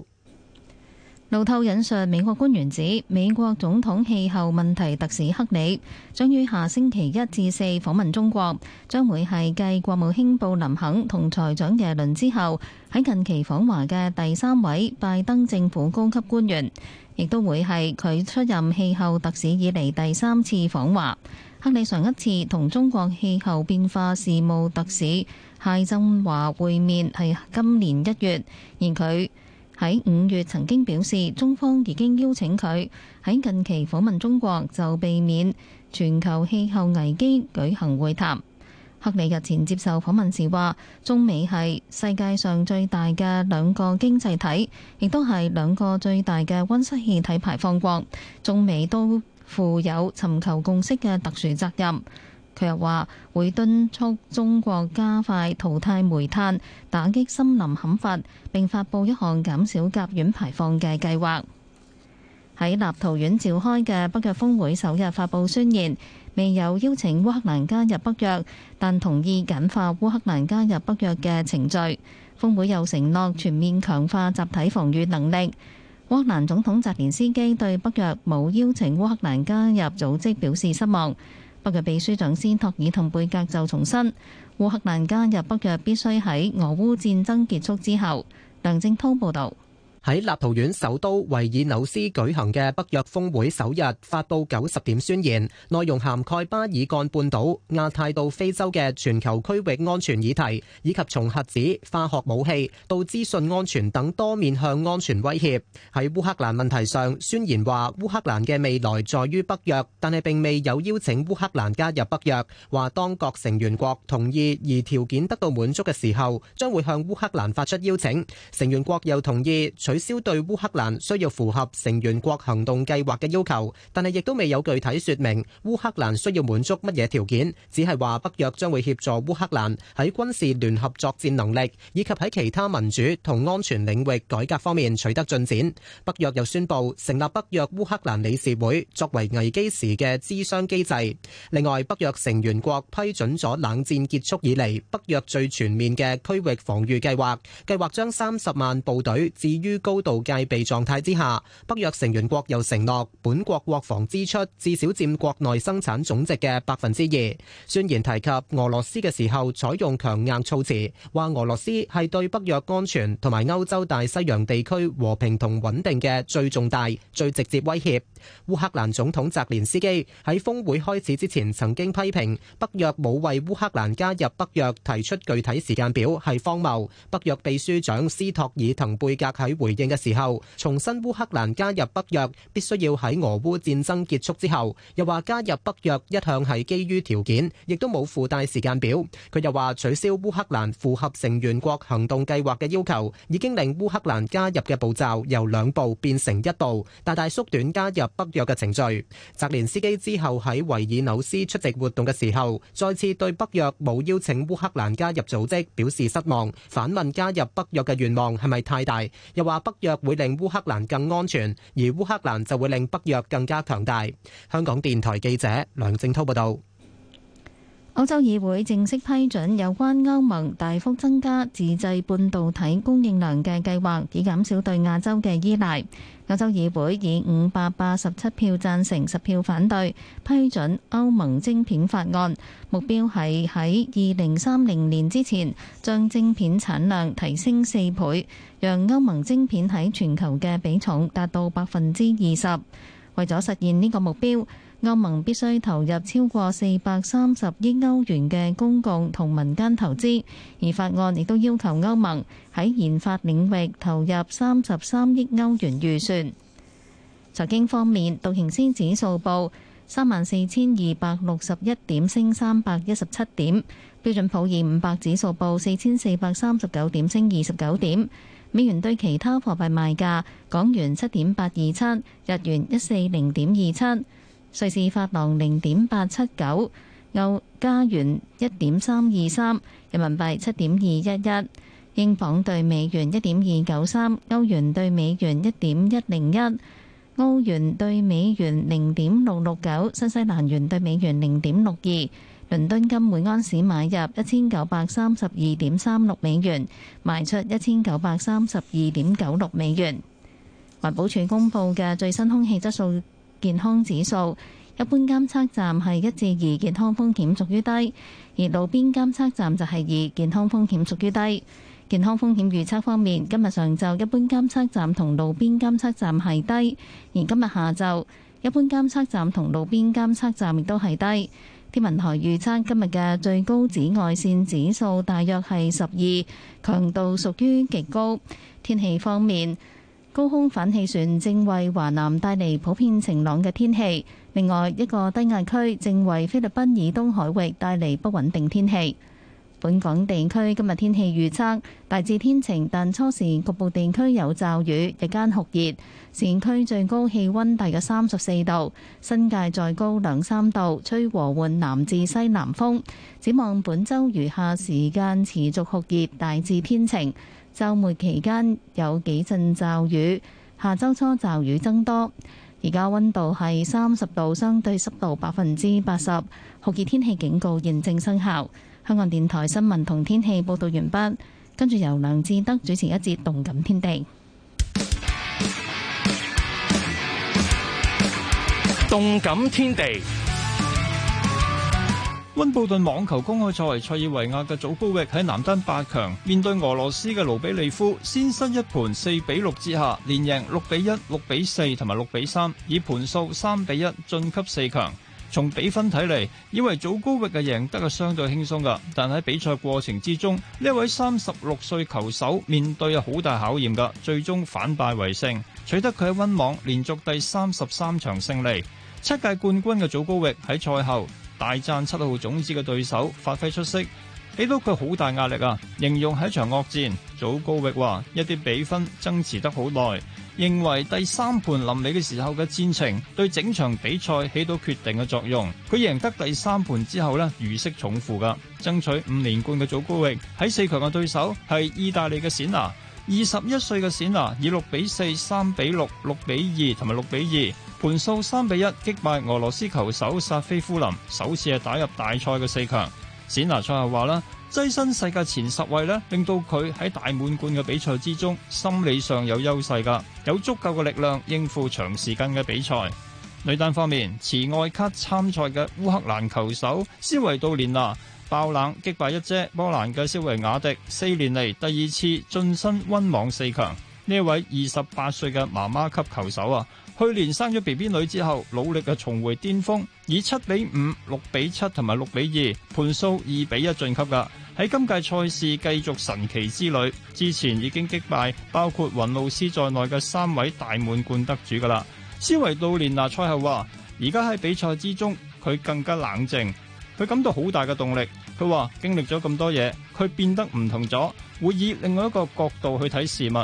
路透引述美國官員指，美國總統氣候問題特使克里將於下星期一至四訪問中國，將會係繼國務卿布林肯同財長耶倫之後，喺近期訪華嘅第三位拜登政府高級官員，亦都會係佢出任氣候特使以嚟第三次訪華。克里上一次同中國氣候變化事務特使解振華會面係今年一月，而佢喺五月曾經表示，中方已經邀請佢喺近期訪問中國，就避免全球氣候危機舉行會談。克里日前接受訪問時話，中美係世界上最大嘅兩個經濟體，亦都係兩個最大嘅溫室氣體排放國，中美都負有尋求共識嘅特殊責任。佢又話會敦促中國加快淘汰煤炭、打擊森林砍伐，並發布一項減少甲烷排放嘅計劃。喺立陶宛召開嘅北約峰會首日發佈宣言，未有邀請烏克蘭加入北約，但同意簡化烏克蘭加入北約嘅程序。峰會又承諾全面強化集體防禦能力。烏克蘭總統澤連斯基對北約冇邀請烏克蘭加入組織表示失望。北約秘書長斯托爾滕貝格就重申，烏克蘭加入北約必須喺俄烏戰爭結束之後。梁正濤報道。喺立陶宛首都維爾紐斯舉行嘅北約峰會首日，發布九十點宣言，內容涵蓋巴爾幹半島、亞太到非洲嘅全球區域安全議題，以及從核子、化學武器到資訊安全等多面向安全威脅。喺烏克蘭問題上，宣言話烏克蘭嘅未來在於北約，但係並未有邀請烏克蘭加入北約。話當各成員國同意而條件得到滿足嘅時候，將會向烏克蘭發出邀請。成員國又同意除取消對烏克蘭需要符合成員國行動計劃嘅要求，但係亦都未有具體說明烏克蘭需要滿足乜嘢條件，只係話北約將會協助烏克蘭喺軍事聯合作戰能力以及喺其他民主同安全領域改革方面取得進展。北約又宣布成立北約烏克蘭理事會，作為危機時嘅諮商機制。另外，北約成員國批准咗冷戰結束以嚟北約最全面嘅區域防御計劃，計劃將三十萬部隊置於。高度戒備狀態之下，北約成員國又承諾本國國防支出至少佔國內生產總值嘅百分之二。宣言提及俄羅斯嘅時候，採用強硬措辭，話俄羅斯係對北約安全同埋歐洲大西洋地區和平同穩定嘅最重大、最直接威脅。烏克蘭總統澤連斯基喺峰會開始之前曾經批評北約冇為烏克蘭加入北約提出具體時間表係荒謬。北約秘書長斯托爾滕貝格喺回。應嘅時候，重申烏克蘭加入北約，必須要喺俄烏戰爭結束之後。又話加入北約一向係基於條件，亦都冇附帶時間表。佢又話取消烏克蘭符合成員國行動計劃嘅要求，已經令烏克蘭加入嘅步驟由兩步變成一步，大大縮短加入北約嘅程序。澤連斯基之後喺維爾紐斯出席活動嘅時候，再次對北約冇邀請烏克蘭加入組織表示失望，反問加入北約嘅願望係咪太大？又話。北約會令烏克蘭更安全，而烏克蘭就會令北約更加強大。香港電台記者梁正濤報道。歐洲議會正式批准，有關歐盟大幅增加自製半導體供應量嘅計劃，以減少對亞洲嘅依賴。歐洲議會以五百八十七票贊成、十票反對，批准歐盟晶片法案，目標係喺二零三零年之前將晶片產量提升四倍，讓歐盟晶片喺全球嘅比重達到百分之二十。為咗實現呢個目標，歐盟必須投入超過四百三十億歐元嘅公共同民間投資，而法案亦都要求歐盟喺研發領域投入三十三億歐元預算。財經方面，道瓊斯指數報三萬四千二百六十一點，升三百一十七點；標準普爾五百指數報四千四百三十九點，升二十九點。美元對其他貨幣賣價，港元七點八二七，日元一四零點二七。瑞士法郎零點八七九，歐加元一點三二三，人民幣七點二一一，英鎊兌美元一點二九三，歐元兌美元一點一零一，歐元兌美元零點六六九，新西蘭元兌美元零點六二。倫敦金每安士買入一千九百三十二點三六美元，賣出一千九百三十二點九六美元。環保署公布嘅最新空氣質素。健康指數，一般監測站係一至二，健康風險屬於低；而路邊監測站就係二，健康風險屬於低。健康風險預測方面，今日上晝一般監測站同路邊監測站係低，而今日下晝一般監測站同路邊監測站亦都係低。天文台預測今日嘅最高紫外綫指數大約係十二，強度屬於極高。天氣方面。高空反氣旋正為華南帶嚟普遍晴朗嘅天氣，另外一個低壓區正為菲律賓以東海域帶嚟不穩定天氣。本港地區今日天氣預測大致天晴，但初時局部地區有驟雨，日間酷熱，市區最高氣溫大約三十四度，新界再高兩三度，吹和緩南至西南風。展望本週餘下時間持續酷熱，大致天晴。週末期間有幾陣驟雨，下周初驟雨增多。而家溫度係三十度，相對濕度百分之八十。酷熱天氣警告現正生效。香港電台新聞同天氣報道完畢。跟住由梁志德主持一節《動感天地》。《動感天地》温布頓網球公開賽塞爾維亞嘅祖高域喺男單八強面對俄羅斯嘅盧比利夫，先失一盤四比六之下，連贏六比一、六比四同埋六比三，以盤數三比一晉級四強。從比分睇嚟，以為祖高域嘅贏得係相對輕鬆噶，但喺比賽過程之中，呢位三十六歲球手面對有好大考驗噶，最終反敗為勝，取得佢喺温網連續第三十三場勝利。七屆冠軍嘅祖高域喺賽後。大讚七號種子嘅對手發揮出色，俾到佢好大壓力啊！形容係一場惡戰。祖高域話一啲比分爭持得好耐，認為第三盤臨尾嘅時候嘅戰情對整場比賽起到決定嘅作用。佢贏得第三盤之後呢，如釋重負噶，爭取五連冠嘅祖高域喺四強嘅對手係意大利嘅冼拿。二十一歲嘅冼拿以六比四、三比六、六比二同埋六比二盤數三比一擊敗俄羅斯球手薩菲夫林，首次係打入大賽嘅四強。冼拿賽後話啦：躋身 [music] "Z 世界前十位呢，令到佢喺大滿貫嘅比賽之中心理上有優勢噶，有足夠嘅力量應付長時間嘅比賽。女單方面，持外卡參賽嘅烏克蘭球手斯維杜連娜。爆冷擊敗一姐波蘭嘅斯維亞迪，四年嚟第二次晉身溫網四強。呢位二十八歲嘅媽媽級球手啊，去年生咗 BB 女之後，努力嘅重回巔峰，以七比五、六比七同埋六比二盤數二比一晉級噶。喺今屆賽事繼續神奇之旅，之前已經擊敗包括雲露斯在內嘅三位大滿貫得主噶啦。斯維杜蓮娜賽後話，而家喺比賽之中，佢更加冷靜。佢感到好大嘅動力，佢話經歷咗咁多嘢，佢變得唔同咗，會以另外一個角度去睇事物。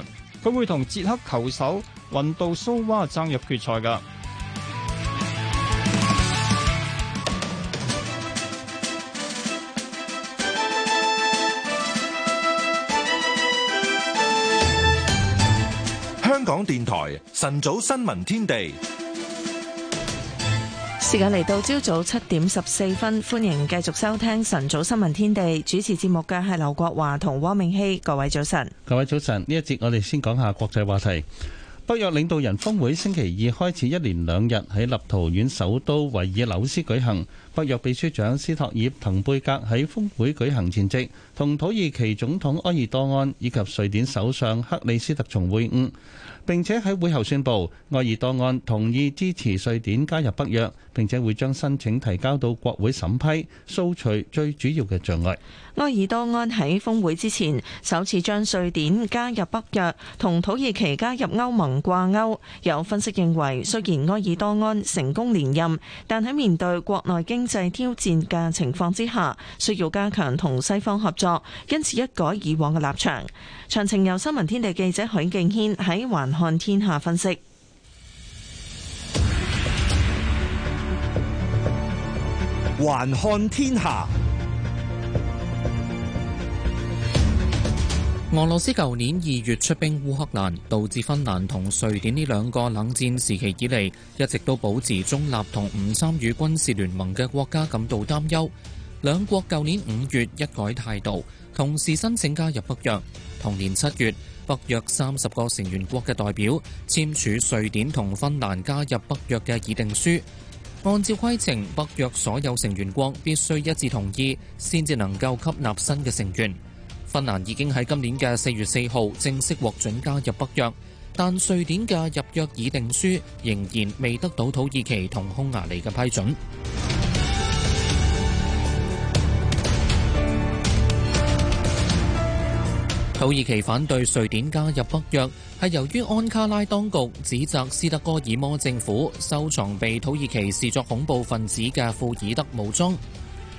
佢會同捷克球手雲杜蘇娃爭入決賽㗎。香港電台晨早新聞天地。時間嚟到朝早七點十四分，歡迎繼續收聽晨早新聞天地。主持節目嘅係劉國華同汪明熙。各位早晨。各位早晨，呢一節我哋先講下國際話題。北約領導人峰會星期二開始一連兩日喺立陶宛首都維爾紐斯舉行。北約秘書長斯托爾滕貝格喺峰會舉行前夕，同土耳其總統埃爾多安以及瑞典首相克里斯特松會晤，並且喺會後宣佈，埃爾多安同意支持瑞典加入北約，並且會將申請提交到國會審批，掃除最主要嘅障礙。埃爾多安喺峰會之前，首次將瑞典加入北約同土耳其加入歐盟掛鈎。有分析認為，雖然埃爾多安成功連任，但喺面對國內經經濟挑戰嘅情況之下，需要加強同西方合作，因此一改以往嘅立場。詳情由新聞天地記者許敬軒喺《環看天下》分析。環看天下。俄羅斯舊年二月出兵烏克蘭，導致芬蘭同瑞典呢兩個冷戰時期以嚟一直都保持中立同唔參與軍事聯盟嘅國家感到擔憂。兩國舊年五月一改態度，同時申請加入北約。同年七月，北約三十個成員國嘅代表簽署瑞典同芬蘭加入北約嘅議定書。按照規程，北約所有成員國必須一致同意，先至能夠吸納新嘅成員。芬蘭已經喺今年嘅四月四號正式獲准加入北約，但瑞典嘅入約議定書仍然未得到土耳其同匈牙利嘅批准。土耳其反對瑞典加入北約，係由於安卡拉當局指責斯德哥爾摩政府收藏被土耳其視作恐怖分子嘅庫爾德武裝。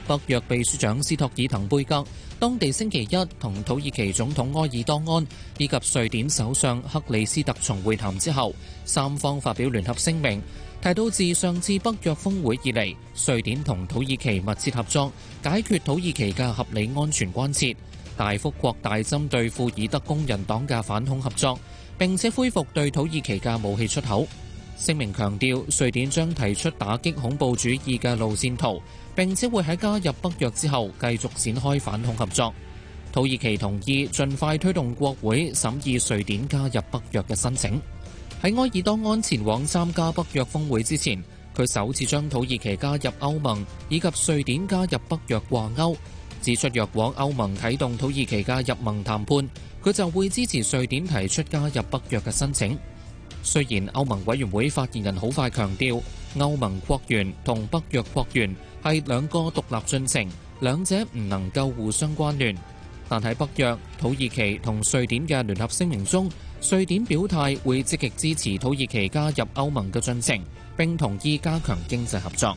北約秘書長斯托爾滕貝格，當地星期一同土耳其總統埃爾多安以及瑞典首相克里斯特松會談之後，三方發表聯合聲明，提到自上次北約峰會以嚟，瑞典同土耳其密切合作，解決土耳其嘅合理安全關切，大幅擴大針對庫爾德工人黨嘅反恐合作，並且恢復對土耳其嘅武器出口。聲明強調，瑞典將提出打擊恐怖主義嘅路線圖。並且會喺加入北約之後繼續展開反恐合作。土耳其同意盡快推動國會審議瑞典加入北約嘅申請。喺埃爾多安前往參加北約峰會之前，佢首次將土耳其加入歐盟以及瑞典加入北約掛勾，指出若果歐盟啟動土耳其加入盟談判，佢就會支持瑞典提出加入北約嘅申請。。雖然歐盟委員會發言人好快強調，歐盟國員同北約國員係兩個獨立進程，兩者唔能夠互相關聯。但喺北約、土耳其同瑞典嘅聯合聲明中，瑞典表態會積極支持土耳其加入歐盟嘅進程，並同意加強經濟合作。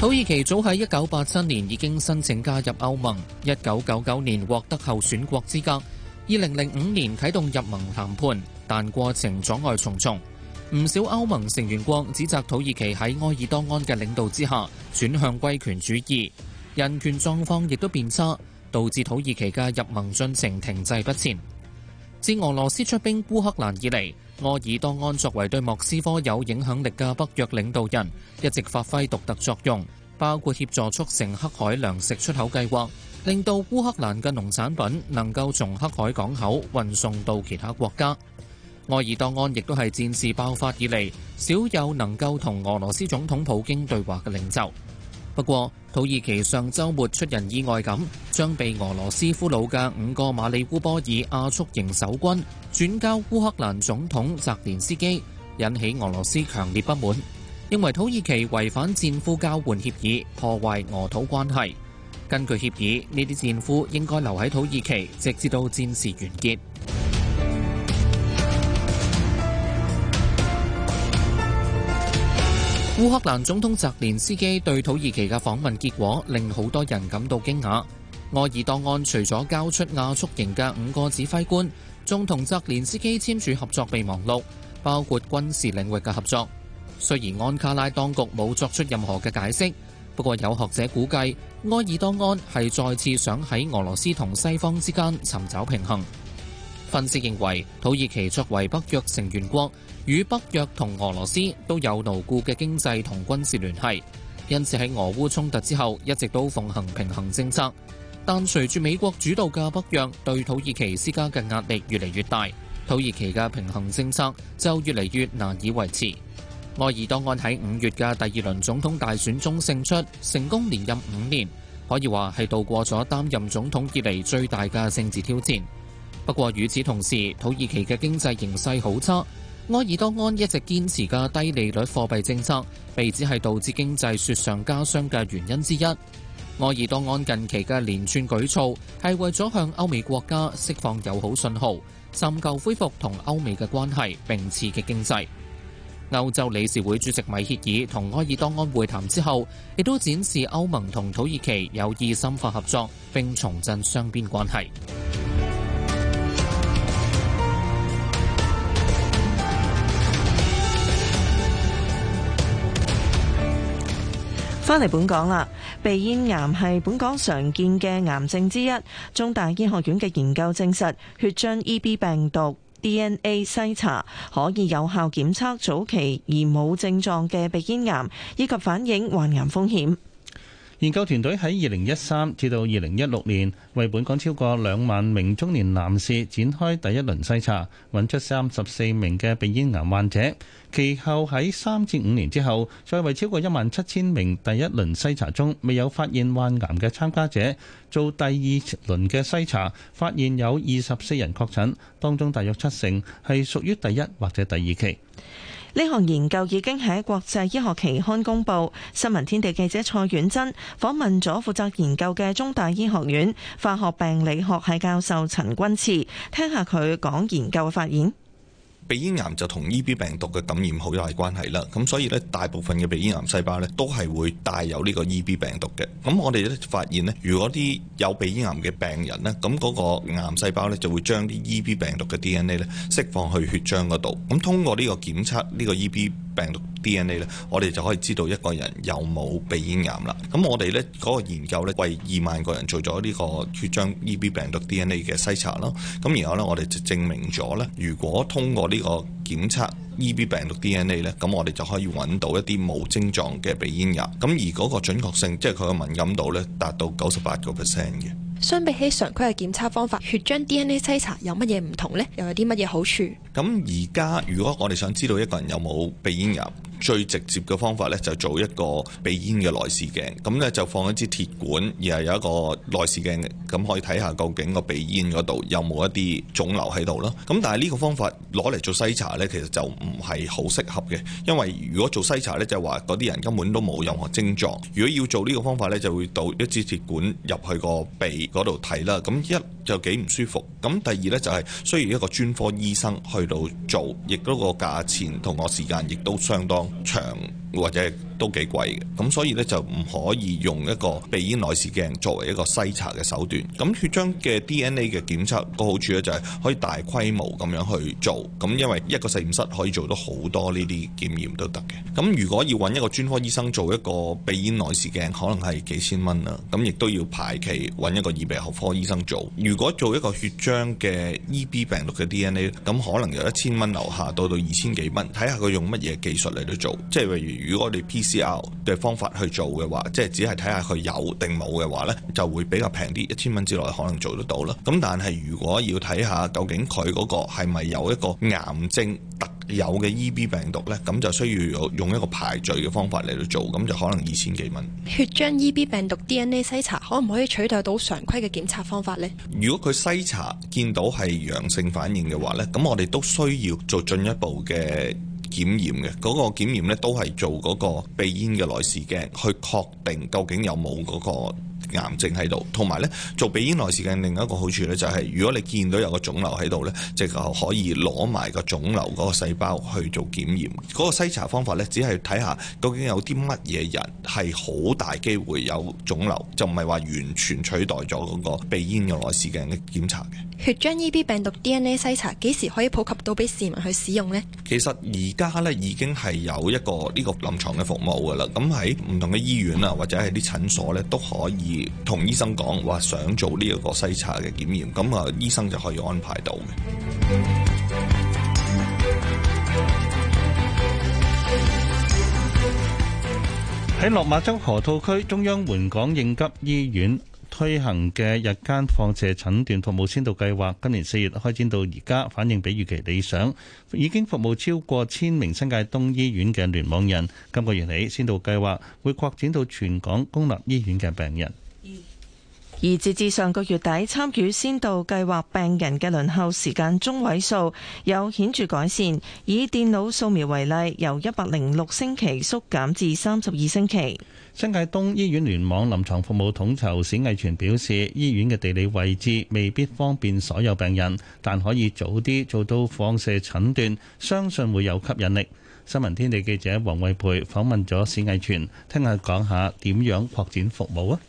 土耳其早喺一九八七年已經申請加入歐盟，一九九九年獲得候選國資格，二零零五年啟動入盟談判，但過程阻礙重重。唔少歐盟成員國指責土耳其喺埃爾多安嘅領導之下轉向威權主義，人權狀況亦都變差，導致土耳其嘅入盟進程停滯不前。自俄羅斯出兵烏克蘭以嚟。埃爾多安作為對莫斯科有影響力嘅北約領導人一直發揮獨特作用，包括協助促成黑海糧食出口計劃，令到烏克蘭嘅農產品能夠從黑海港口運送到其他國家。埃爾多安亦都係戰事爆發以嚟少有能夠同俄羅斯總統普京對話嘅領袖。不過，土耳其上周末出人意外咁，將被俄羅斯俘虜嘅五個馬里烏波爾亞速營守軍轉交烏克蘭總統澤連斯基，引起俄羅斯強烈不滿，認為土耳其違反戰俘交換協議，破壞俄土關係。根據協議，呢啲戰俘應該留喺土耳其，直至到戰事完結。烏克蘭總統澤連斯基對土耳其嘅訪問結果令好多人感到驚訝。埃爾多安除咗交出亞速營嘅五個指揮官，仲同澤連斯基簽署合作備忘錄，包括軍事領域嘅合作。雖然安卡拉當局冇作出任何嘅解釋，不過有學者估計，埃爾多安係再次想喺俄羅斯同西方之間尋找平衡。分析認為，土耳其作為北約成員國，與北約同俄羅斯都有牢固嘅經濟同軍事聯繫，因此喺俄烏衝突之後一直都奉行平衡政策。但隨住美國主導嘅北約對土耳其施加嘅壓力越嚟越大，土耳其嘅平衡政策就越嚟越難以維持。愛爾多安喺五月嘅第二輪總統大選中勝出，成功連任五年，可以話係度過咗擔任總統以嚟最大嘅政治挑戰。不過，與此同時，土耳其嘅經濟形勢好差。埃爾多安一直堅持嘅低利率貨幣政策，被指係導致經濟雪上加霜嘅原因之一。埃爾多安近期嘅連串舉措，係為咗向歐美國家釋放友好信號，尋求恢復同歐美嘅關係，並刺激經濟。歐洲理事會主席米歇爾同埃爾多安會談之後，亦都展示歐盟同土耳其有意深化合作，並重振雙邊關係。翻嚟本港啦，鼻咽癌係本港常見嘅癌症之一。中大醫學院嘅研究證實，血漿 EB 病毒 DNA 篩查可以有效檢測早期而冇症狀嘅鼻咽癌，以及反映患癌風險。研究團隊喺二零一三至到二零一六年，為本港超過兩萬名中年男士展開第一輪篩查，搵出三十四名嘅鼻咽癌患者。其後喺三至五年之後，再為超過一萬七千名第一輪篩查中未有發現患癌嘅參加者，做第二輪嘅篩查，發現有二十四人確診，當中大約七成係屬於第一或者第二期。呢項研究已經喺國際醫學期刊公佈。新聞天地記者蔡婉珍訪問咗負責研究嘅中大醫學院化學病理學系教授陳君賜，聽下佢講研究嘅發現。鼻咽癌就同 EB 病毒嘅感染好大關係啦，咁所以呢，大部分嘅鼻咽癌細胞呢都係會帶有呢個 EB 病毒嘅。咁我哋咧發現呢，如果啲有鼻咽癌嘅病人呢，咁嗰個癌細胞呢就會將啲、e、EB 病毒嘅 DNA 呢釋放去血漿嗰度，咁通過呢個檢測呢、呢個 EB。病毒 DNA 咧，我哋就可以知道一個人有冇鼻咽癌啦。咁我哋咧嗰個研究咧，為二萬個人做咗呢個血漿 EB 病毒 DNA 嘅篩查咯。咁然後咧，我哋就證明咗咧，如果通過呢個檢測 EB 病毒 DNA 咧，咁我哋就可以揾到一啲冇症狀嘅鼻咽癌。咁而嗰個準確性，即係佢嘅敏感度咧，達到九十八個 percent 嘅。相比起常規嘅檢測方法，血漿 DNA 篩查有乜嘢唔同呢？又有啲乜嘢好處？咁而家如果我哋想知道一個人有冇鼻咽癌？最直接嘅方法呢，就做一個鼻咽嘅內視鏡，咁呢，就放一支鐵管，而係有一個內視鏡，咁可以睇下究竟個鼻咽嗰度有冇一啲腫瘤喺度咯。咁但係呢個方法攞嚟做篩查呢，其實就唔係好適合嘅，因為如果做篩查呢，就話嗰啲人根本都冇任何症狀。如果要做呢個方法呢，就會到一支鐵管入去個鼻嗰度睇啦。咁一就幾唔舒服，咁第二呢，就係、是、需要一個專科醫生去到做，亦都個價錢同個時間亦都相當長。或者都幾貴嘅，咁所以呢，就唔可以用一個鼻咽內視鏡作為一個篩查嘅手段。咁血漿嘅 DNA 嘅檢測個好處呢，就係可以大規模咁樣去做，咁因為一個實驗室可以做到好多呢啲檢驗都得嘅。咁如果要揾一個專科醫生做一個鼻咽內視鏡，可能係幾千蚊啦。咁亦都要排期揾一個耳鼻喉科醫生做。如果做一個血漿嘅 EB 病毒嘅 DNA，咁可能由一千蚊樓下到到二千幾蚊，睇下佢用乜嘢技術嚟到做，即係如果我哋 PCR 嘅方法去做嘅話，即係只係睇下佢有定冇嘅話咧，就會比較平啲，一千蚊之內可能做得到啦。咁但係如果要睇下究竟佢嗰個係咪有一個癌症特有嘅 EB 病毒咧，咁就需要用一個排序嘅方法嚟到做，咁就可能二千幾蚊。血漿 EB 病毒 DNA 篩查可唔可以取代到常規嘅檢測方法咧？如果佢篩查見到係陽性反應嘅話咧，咁我哋都需要做進一步嘅。檢驗嘅嗰個檢驗咧，都係做嗰個鼻咽嘅內視鏡，去確定究竟有冇嗰個癌症喺度。同埋咧，做鼻咽內視鏡另一個好處咧，就係、是、如果你見到有個腫瘤喺度咧，即係可以攞埋個腫瘤嗰個細胞去做檢驗。嗰、那個篩查方法咧，只係睇下究竟有啲乜嘢人係好大機會有腫瘤，就唔係話完全取代咗嗰個鼻咽嘅內視鏡嘅檢查嘅。血漿 EB 病毒 DNA 篩查幾時可以普及到俾市民去使用呢？其實而家咧已經係有一個呢個臨床嘅服務噶啦，咁喺唔同嘅醫院啊，或者係啲診所咧，都可以同醫生講話想做呢一個篩查嘅檢驗，咁啊醫生就可以安排到嘅。喺落馬洲河套區中央援港應急醫院推行嘅日間放射診斷服務先導計劃，今年四月開展到而家，反應比預期理想，已經服務超過千名新界東醫院嘅聯網人。今個月起，先導計劃會擴展到全港公立醫院嘅病人。而截至上個月底，參與先導計劃病人嘅輪候時間中位數有顯著改善，以電腦掃描為例，由一百零六星期縮減至三十二星期。新界東醫院聯網臨床服務統籌史毅全表示，醫院嘅地理位置未必方便所有病人，但可以早啲做到放射診斷，相信會有吸引力。新聞天地記者黃惠培訪問咗史毅全，聽日講下點樣擴展服務啊！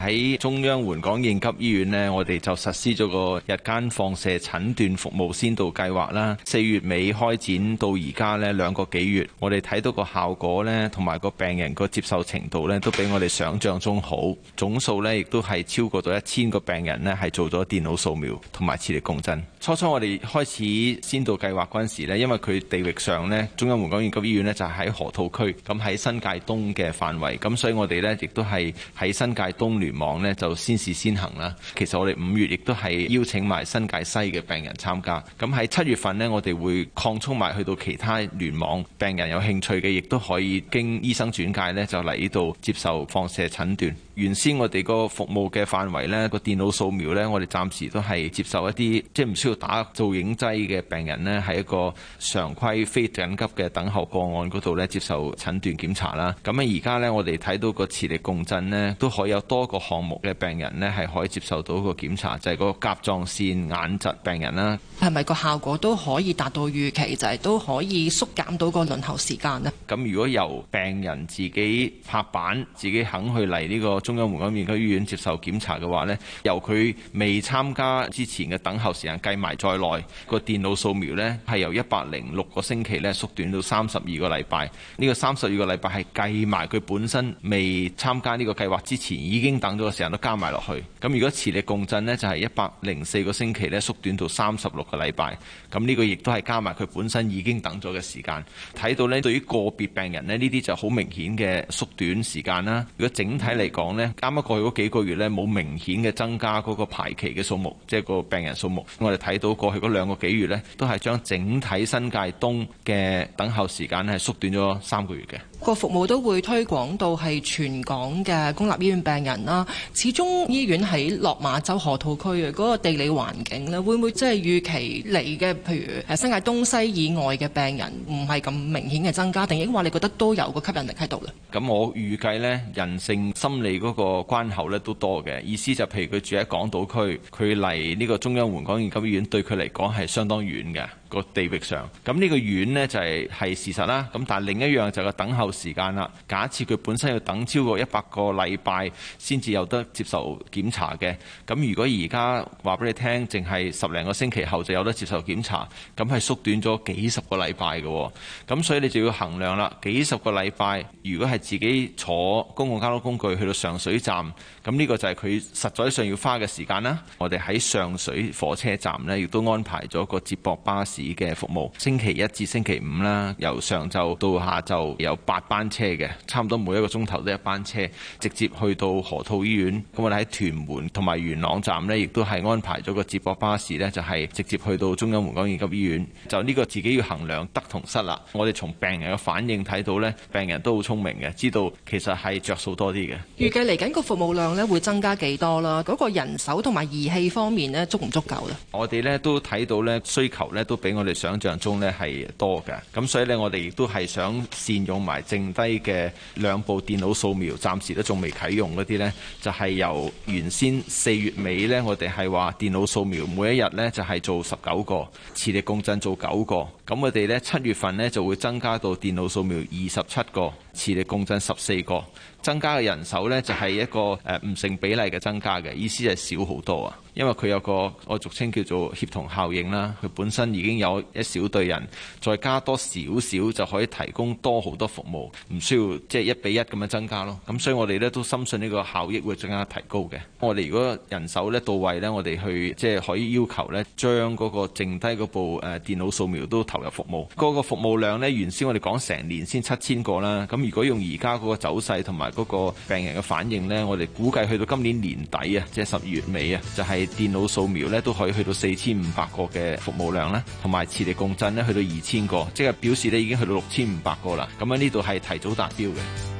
喺中央援港應急醫院咧，我哋就實施咗個日間放射診斷服務先導計劃啦。四月尾開展到而家咧兩個幾月，我哋睇到個效果咧，同埋個病人個接受程度咧，都比我哋想象中好。總數咧亦都係超過咗一千個病人咧，係做咗電腦掃描同埋磁力共振。初初我哋開始先導計劃嗰陣時咧，因為佢地域上咧，中央援港應急醫院咧就喺河套區，咁喺新界東嘅範圍，咁所以我哋咧亦都係喺新界東，聯網呢，就先試先行啦。其實我哋五月亦都係邀請埋新界西嘅病人參加。咁喺七月份呢，我哋會擴充埋去到其他聯網病人有興趣嘅，亦都可以經醫生轉介呢，就嚟呢度接受放射診斷。原先我哋個服務嘅範圍呢，個電腦掃描呢，我哋暫時都係接受一啲即係唔需要打造影劑嘅病人呢，喺一個常規非緊急嘅等候個案嗰度呢，接受診斷檢查啦。咁啊而家呢，我哋睇到個磁力共振呢，都可以有多。個項目嘅病人呢，係可以接受到個檢查，就係、是、個甲狀腺眼疾病人啦。係咪個效果都可以達到預期，就係、是、都可以縮減到個輪候時間呢？咁如果由病人自己拍板，自己肯去嚟呢個中央紅口粵區醫院接受檢查嘅話呢，由佢未參加之前嘅等候時間計埋在內，個電腦掃描呢，係由一百零六個星期呢縮短到三十二個禮拜。呢、這個三十二個禮拜係計埋佢本身未參加呢個計劃之前已經。等咗嘅時間都加埋落去，咁如果磁力共振呢，就係一百零四個星期呢，縮短到三十六個禮拜，咁呢個亦都係加埋佢本身已經等咗嘅時間。睇到呢，對於個別病人呢，呢啲就好明顯嘅縮短時間啦。如果整體嚟講呢，啱啱過去嗰幾個月呢，冇明顯嘅增加嗰個排期嘅數目，即係個病人數目，我哋睇到過去嗰兩個幾月呢，都係將整體新界東嘅等候時間係縮短咗三個月嘅。個服務都會推廣到係全港嘅公立醫院病人啦。始終醫院喺落馬洲河套區嗰個地理環境咧，會唔會即係預期嚟嘅？譬如係新界東西以外嘅病人，唔係咁明顯嘅增加，定抑或你覺得都有個吸引力喺度咧？咁我預計呢，人性心理嗰個關口咧都多嘅。意思就譬如佢住喺港島區，佢嚟呢個中央援港應急醫院對佢嚟講係相當遠嘅。個地域上，咁、這、呢個遠咧就係係事實啦。咁但係另一樣就係等候時間啦。假設佢本身要等超過一百個禮拜先至有得接受檢查嘅，咁如果而家話俾你聽，淨係十零個星期後就有得接受檢查，咁係縮短咗幾十個禮拜嘅。咁所以你就要衡量啦，幾十個禮拜，如果係自己坐公共交通工具去到上水站，咁、這、呢個就係佢實在上要花嘅時間啦。我哋喺上水火車站咧亦都安排咗個接駁巴士。嘅服務，星期一至星期五啦，由上晝到下晝有八班車嘅，差唔多每一個鐘頭都一班車，直接去到河套醫院。咁我哋喺屯門同埋元朗站咧，亦都係安排咗個接駁巴士咧，就係、是、直接去到中央門港急醫院。就呢個自己要衡量得同失啦。我哋從病人嘅反應睇到咧，病人都好聰明嘅，知道其實係着數多啲嘅。預計嚟緊個服務量咧會增加幾多啦？嗰、那個人手同埋儀器方面咧足唔足夠咧？我哋咧都睇到咧需求咧都比我哋想象中呢係多嘅，咁所以呢，我哋亦都係想善用埋剩低嘅兩部電腦掃描，暫時都仲未啟用嗰啲呢，就係由原先四月尾呢，我哋係話電腦掃描每一日呢就係做十九個，磁力共振做九個，咁我哋呢，七月份呢就會增加到電腦掃描二十七個。次力共振十四個，增加嘅人手咧就係一個誒唔成比例嘅增加嘅，意思係少好多啊。因為佢有個我俗稱叫做協同效應啦，佢本身已經有一小隊人，再加多少少就可以提供多好多服務，唔需要即係一比一咁樣增加咯。咁所以我哋咧都深信呢個效益會增加提高嘅。我哋如果人手咧到位咧，我哋去即係、就是、可以要求咧，將嗰個剩低嗰部誒電腦掃描都投入服務。嗰、那個服務量咧，原先我哋講成年先七千個啦，咁。如果用而家嗰個走勢同埋嗰個病人嘅反應呢，我哋估計去到今年年底啊，即係十月尾啊，就係電腦掃描呢都可以去到四千五百個嘅服務量啦，同埋磁力共振呢去到二千個，即係表示你已經去到六千五百個啦。咁樣呢度係提早達標嘅。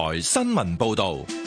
台新聞報導。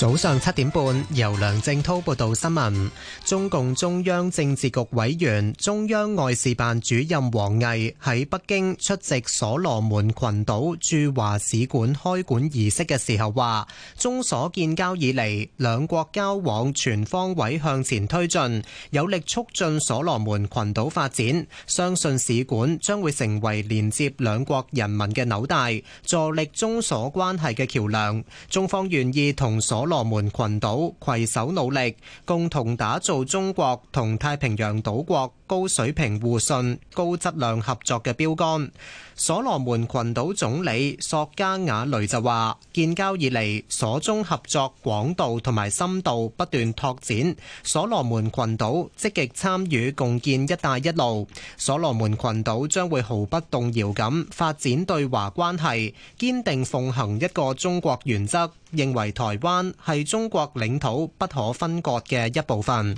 早上七點半，由梁正滔報道新聞。中共中央政治局委員、中央外事辦主任王毅喺北京出席所羅門群島駐華使館開館儀式嘅時候話，中所建交以嚟，兩國交往全方位向前推進，有力促進所羅門群島發展。相信使館將會成為連接兩國人民嘅紐帶，助力中所關係嘅橋樑。中方願意同所羅門群島攜手努力，共同打造中國同太平洋島國高水平互信、高質量合作嘅標杆。所羅門群島總理索加瓦雷就話：建交以來，所中合作廣度同埋深度不斷拓展。所羅門群島積極參與共建「一帶一路」，所羅門群島將會毫不動搖咁發展對華關係，堅定奉行一個中國原則，認為台灣係中國領土不可分割嘅一部分。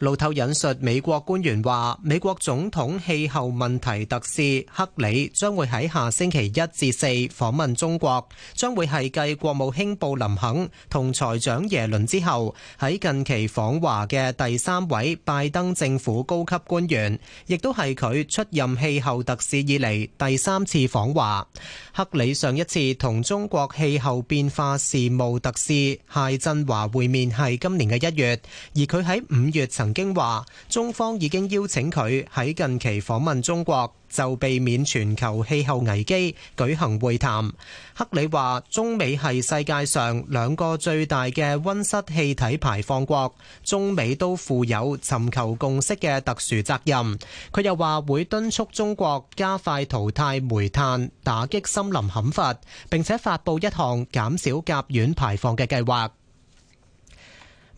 路透引述美國官員話：美國總統氣候問題特使克里將會喺下星期一至四訪問中國，將會係繼國務卿布林肯同財長耶倫之後，喺近期訪華嘅第三位拜登政府高級官員，亦都係佢出任氣候特使以嚟第三次訪華。克里上一次同中國氣候變化事務特使謝振華會面係今年嘅一月，而佢喺五月曾經話中方已經邀請佢喺近期訪問中國。就避免全球氣候危機舉行會談，克里話中美係世界上兩個最大嘅溫室氣體排放國，中美都負有尋求共識嘅特殊責任。佢又話會敦促中國加快淘汰煤炭，打擊森林砍伐，並且發布一項減少甲烷排放嘅計劃。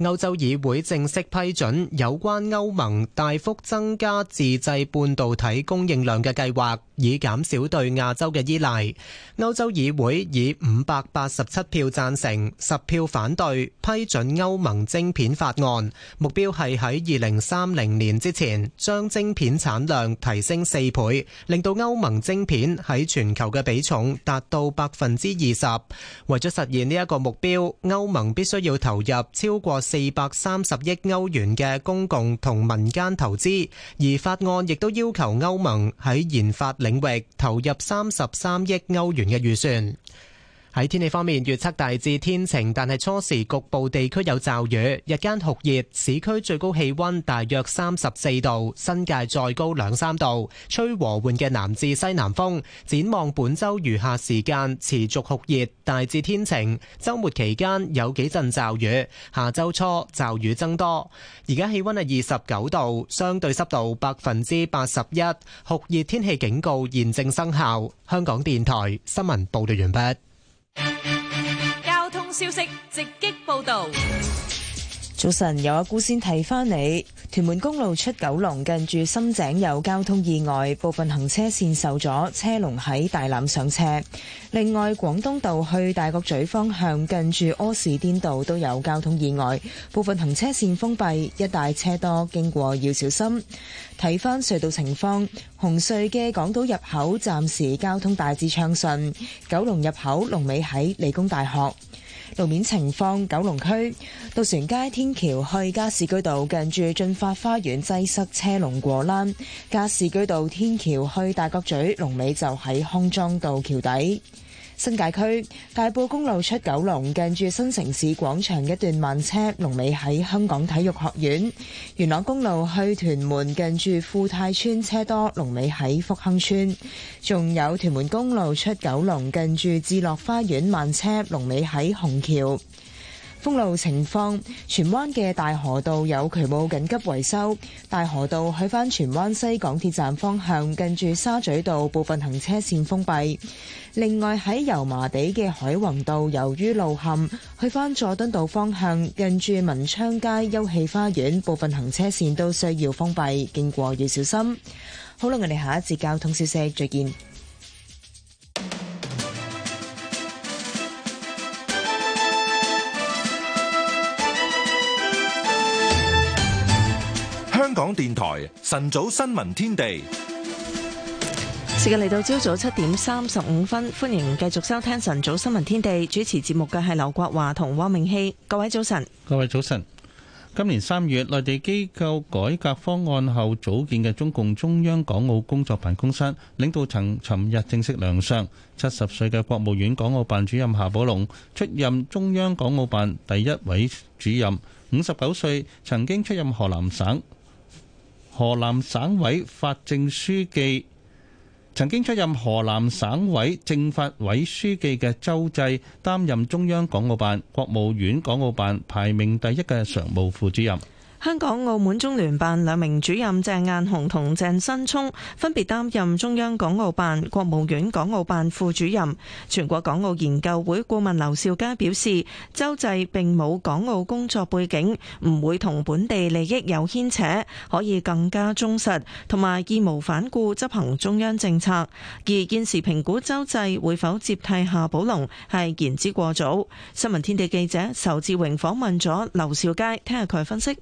歐洲議會正式批准有關歐盟大幅增加自製半導體供應量嘅計劃，以減少對亞洲嘅依賴。歐洲議會以五百八十七票贊成、十票反對批准歐盟晶片法案，目標係喺二零三零年之前將晶片產量提升四倍，令到歐盟晶片喺全球嘅比重達到百分之二十。為咗實現呢一個目標，歐盟必須要投入超過四百三十億歐元嘅公共同民間投資，而法案亦都要求歐盟喺研發領域投入三十三億歐元嘅預算。喺天氣方面，預測大致天晴，但係初時局部地區有驟雨，日間酷熱，市區最高氣溫大約三十四度，新界再高兩三度，吹和緩嘅南至西南風。展望本周餘下時間持續酷熱，大致天晴，周末期間有幾陣驟雨，下周初驟雨增多。而家氣溫係二十九度，相對濕度百分之八十一，酷熱天氣警告現正生效。香港電台新聞報道完畢。交通消息直擊報道。早晨，有阿姑先提翻你。屯門公路出九龍近住深井有交通意外，部分行車線受阻，車龍喺大欖上車。另外，廣東道去大角咀方向近住柯士甸道都有交通意外，部分行車線封閉，一帶車多，經過要小心。睇翻隧道情況，紅隧嘅港島入口暫時交通大致暢順，九龍入口龍尾喺理工大學。路面情況，九龍區渡船街天橋去加士居道近住進發花園擠塞車龍過欄，加士居道天橋去大角咀龍尾就喺康莊道橋底。新界區大埔公路出九龍，近住新城市廣場一段慢車，龍尾喺香港體育學院；元朗公路去屯門，近住富泰村車多，龍尾喺福亨村；仲有屯門公路出九龍，近住智樂花園慢車，龍尾喺紅橋。封路情況，荃灣嘅大河道有渠務緊急維修。大河道去返荃灣西港鐵站方向，近住沙咀道部分行車綫封閉。另外喺油麻地嘅海泓道，由於路陷，去返佐敦道方向，近住文昌街休憩花園部分行車綫都需要封閉，經過要小心。好啦，我哋下一節交通消息再見。電台晨早新聞天地時間嚟到，朝早七點三十五分，歡迎繼續收聽晨早新聞天地。主持節目嘅係劉國華同汪明熙。各位早晨，各位早晨。今年三月，內地機構改革方案後，組建嘅中共中央港澳工作辦公室領導層尋日正式亮相。七十歲嘅國務院港澳辦主任夏寶龍出任中央港澳辦第一位主任。五十九歲，曾經出任河南省。河南省委法政書記，曾經出任河南省委政法委書記嘅周濟擔任中央港澳辦、國務院港澳辦排名第一嘅常務副主任。香港、澳門中聯辦兩名主任鄭雁雄同鄭新聰分別擔任中央港澳辦、國務院港澳辦副主任。全國港澳研究會顧問劉兆佳表示，周濟並冇港澳工作背景，唔會同本地利益有牽扯，可以更加忠實同埋義無反顧執行中央政策。而現時評估周濟會否接替夏寶龍係言之過早。新聞天地記者仇志榮訪問咗劉兆佳，聽下佢分析。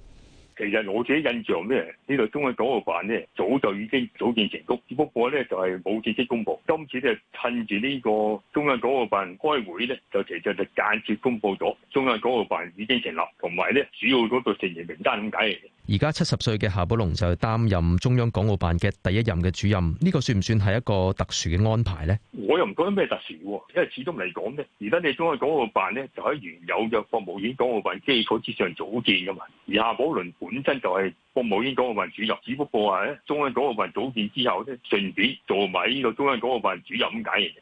其實我自己印象咧，呢個中央港澳辦咧早就已經組建成功，只不過咧就係冇正式公布。今次咧趁住呢個中央港澳辦開會咧，就其實就間接公布咗中央港澳辦已經成立，同埋咧主要嗰個成員名單。噉解而家七十歲嘅夏寶龍就擔任中央港澳辦嘅第一任嘅主任，呢個算唔算係一個特殊嘅安排咧？我又唔覺得咩特殊喎，因為始終嚟講咧，而家你中央港澳辦咧就喺原有嘅國務院港澳辦基礎之上組建噶嘛，而夏寶龍本身就係。國務院港澳辦主任，只不過係中央港澳辦組建之後咧，順便做埋呢個中央港澳辦主任咁解嘅。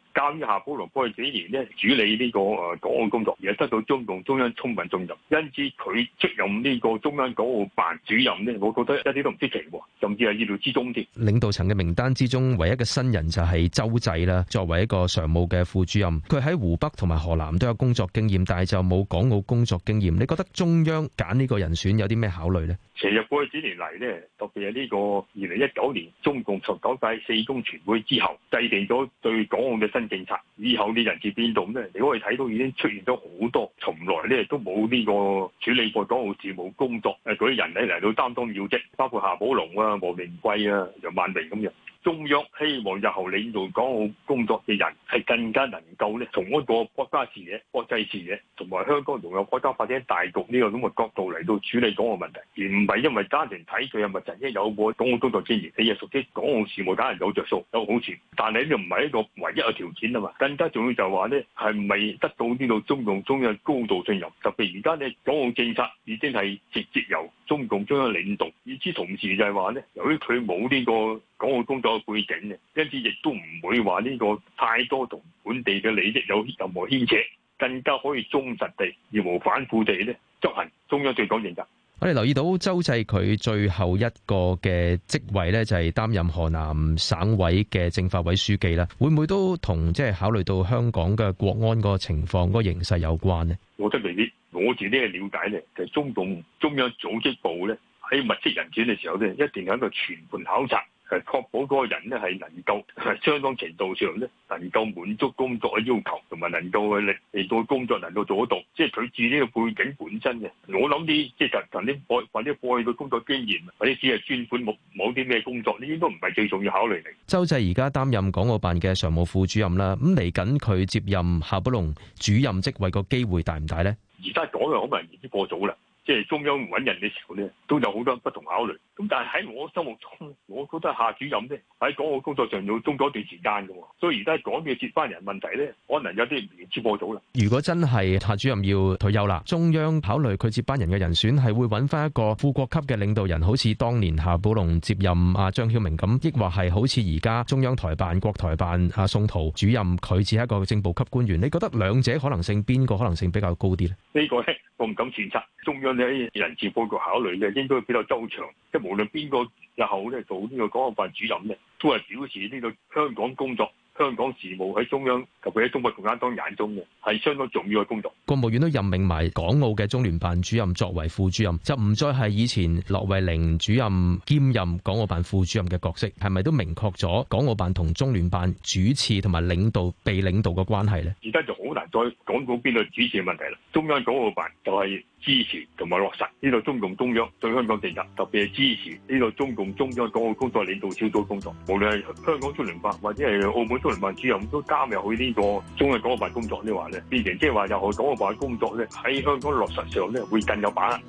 夏寶龍波幾年咧，處理呢個誒港澳工作，而得到中共中央充分信任，因此佢出任呢個中央港澳辦主任咧，我覺得一啲都唔出奇，甚至係意料之中嘅。領導層嘅名單之中，唯一嘅新人就係周濟啦。作為一個常務嘅副主任，佢喺湖北同埋河南都有工作經驗，但係就冇港澳工作經驗。你覺得中央揀呢個人選有啲咩考慮咧？其實過去幾年嚟咧，特別係呢個二零一九年中共十九屆四中全會之後，制定咗對港澳嘅新政策。以後啲人事變動咧，你可以睇到已經出現咗好多從來咧都冇呢個處理過港澳事務工作誒啲、啊、人咧嚟到擔當要職，包括夏寶龍啊、黃明貴啊、楊萬明咁樣。中央希望日後領導港澳工作嘅人係更加能夠咧從一個國家視野、國際視野，同埋香港融入國家發展大局呢個咁嘅角度嚟到處理港澳問題，係因為家庭睇佢係咪曾經有過港澳工作經驗，你又熟悉港澳事務，家人有着數有好處。但係呢個唔係一個唯一嘅條件啊嘛，更加重要就係話咧，係咪得到呢個中共中央高度信任？特別而家咧，港澳政策已經係直接由中共中央領導。與之同時就係話咧，由於佢冇呢個港澳工作嘅背景嘅，因此亦都唔會話呢個太多同本地嘅利益有任何牽扯，更加可以忠實地義無反顧地咧執行中央對港政策。我哋留意到周濟佢最後一個嘅職位咧，就係擔任河南省委嘅政法委書記啦。會唔會都同即係考慮到香港嘅國安個情況、個形勢有關呢？我覺得未必，我自己嘅了解咧，就係、是、中共中央組織部咧喺物色人選嘅時候咧，一定喺度全盤考察。誒確保嗰個人咧係能夠係相當程度上咧能夠滿足工作嘅要求，同埋能夠令令到工作能夠做得到，即係佢自己嘅背景本身嘅。我諗啲 [noise] 即係就憑啲過憑啲過去嘅工作經驗，或者只係專管某某啲咩工作，呢啲都唔係最重要考慮嚟。周濟而家擔任港澳辦嘅常務副主任啦，咁嚟緊佢接任夏寶龍主任職位個機會大唔大咧？而家講嘅好明顯過早啦。即係中央揾人嘅時候咧，都有好多不同考慮。咁但係喺我心目中，我覺得夏主任咧喺嗰個工作上要中咗一段時間嘅喎。所以而家講嘅接班人問題咧，可能有啲預知過早啦。如果真係夏主任要退休啦，中央考慮佢接班人嘅人選係會揾翻一個副國級嘅領導人，好似當年夏寶龍接任阿張曉明咁，抑或係好似而家中央台辦國台辦阿宋濤主任，佢似係一個正部級官員。你覺得兩者可能性邊個可能性比較高啲呢？呢個咧？我唔敢揣測，中央咧人事布局考慮咧，應該比較周詳，即係無論邊個日後呢做呢個港澳辦主任，都係表示呢個香港工作。香港事務喺中央及佢喺中國共產黨眼中嘅係相當重要嘅工作，國務院都任命埋港澳嘅中聯辦主任作為副主任，就唔再係以前駱惠寧主任兼任港澳辦副主任嘅角色，係咪都明確咗港澳辦同中聯辦主次同埋領導被領導嘅關係呢？而家就好難再講到邊度主次嘅問題啦。中央港澳辦就係。支持同埋落實呢、這個中共中央對香港政策，特別係支持呢、這個中共中央港澳工作領導小組工作，無論係香港中聯辦或者係澳門中聯辦主任都加入去呢個中嘅港澳辦工作呢啲話咧，變成即係話由港澳辦工作咧喺香港落實上咧會更有把握。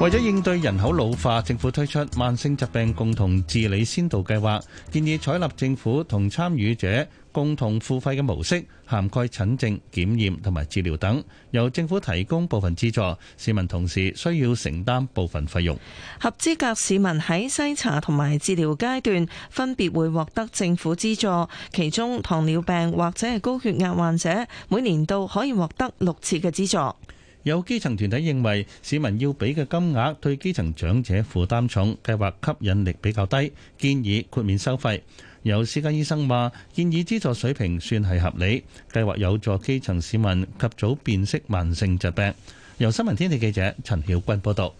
為咗應對人口老化，政府推出慢性疾病共同治理先導計劃，建議採納政府同參與者共同付費嘅模式，涵蓋診症、檢驗同埋治療等，由政府提供部分資助，市民同時需要承擔部分費用。合資格市民喺篩查同埋治療階段，分別會獲得政府資助，其中糖尿病或者係高血壓患者，每年度可以獲得六次嘅資助。有基層團體認為市民要俾嘅金額對基層長者負擔重，計劃吸引力比較低，建議豁免收費。有私家醫生話建議資助水平算係合理，計劃有助基層市民及早辨識慢性疾病。由新聞天地記者陳曉君報導。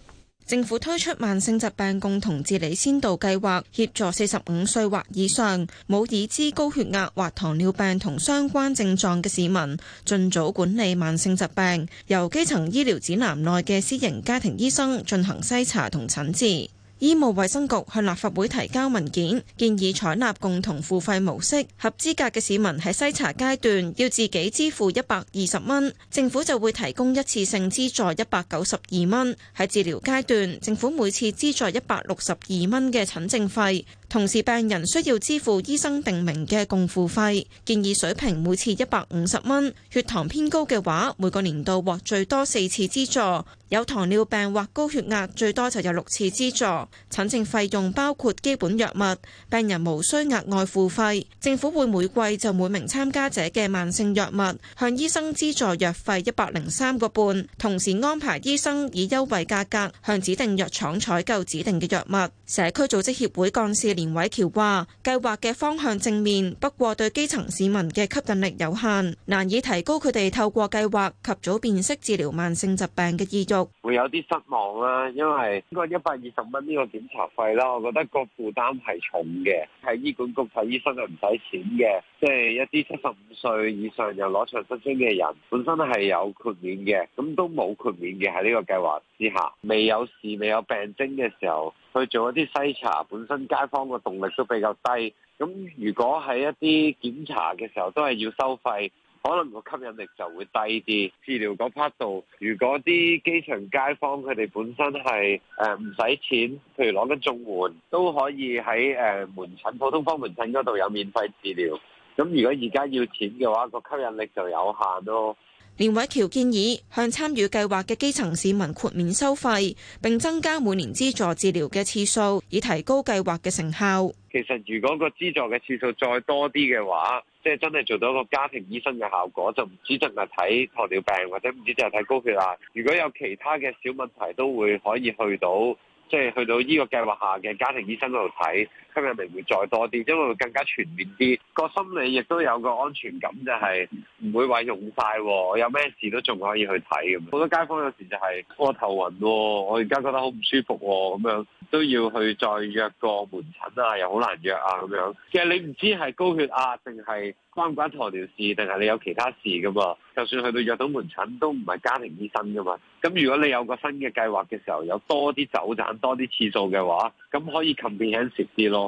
政府推出慢性疾病共同治理先導計劃，協助四十五歲或以上冇已知高血壓或糖尿病同相關症狀嘅市民，盡早管理慢性疾病，由基層醫療指南內嘅私營家庭醫生進行篩查同診治。醫務衛生局向立法會提交文件，建議採納共同付費模式。合資格嘅市民喺篩查階段要自己支付一百二十蚊，政府就會提供一次性資助一百九十二蚊。喺治療階段，政府每次資助一百六十二蚊嘅診症費。同時，病人需要支付醫生定明嘅共付費，建議水平每次一百五十蚊。血糖偏高嘅話，每個年度獲最多四次資助；有糖尿病或高血壓，最多就有六次資助。診症費用包括基本藥物，病人無需額外付費。政府會每季就每名參加者嘅慢性藥物向醫生資助藥費一百零三個半，同時安排醫生以優惠價格向指定藥廠採購指定嘅藥物。社區組織協會幹事，連偉橋話：計劃嘅方向正面，不過對基層市民嘅吸引力有限，難以提高佢哋透過計劃及早辨識治療慢性疾病嘅意慾。會有啲失望啦，因為呢個一百二十蚊呢個檢查費啦，我覺得個負擔係重嘅。喺醫管局睇醫生係唔使錢嘅，即係一啲七十五歲以上又攞長生津嘅人，本身係有豁免嘅，咁都冇豁免嘅喺呢個計劃之下，未有事，未有病徵嘅時候，去做一啲篩查，本身街坊個動力都比較低。咁如果喺一啲檢查嘅時候都係要收費，可能個吸引力就會低啲。治療嗰 part 度，如果啲基層街坊佢哋本身係誒唔使錢，譬如攞緊綜援，都可以喺誒、呃、門診普通科門診嗰度有免費治療，咁如果而家要錢嘅話，個吸引力就有限咯。連偉橋建議向參與計劃嘅基層市民豁免收費，並增加每年資助治療嘅次數，以提高計劃嘅成效。其實如果個資助嘅次數再多啲嘅話，即係真係做到個家庭醫生嘅效果，就唔止淨係睇糖尿病或者唔止淨係睇高血壓。如果有其他嘅小問題，都會可以去到即係去到呢個計劃下嘅家庭醫生嗰度睇。今日咪會再多啲，因為會更加全面啲，個心理亦都有個安全感，就係唔會話用曬喎，有咩事都仲可以去睇咁。好多街坊有時就係、是、我、哦、頭暈喎，我而家覺得好唔舒服喎，咁樣都要去再約個門診啊，又好難約啊，咁樣。其實你唔知係高血壓定係關唔關糖尿病事，定係你有其他事噶嘛？就算去到約到門診，都唔係家庭醫生噶嘛。咁如果你有個新嘅計劃嘅時候，有多啲走診多啲次數嘅話，咁可以 comprehensive 啲咯。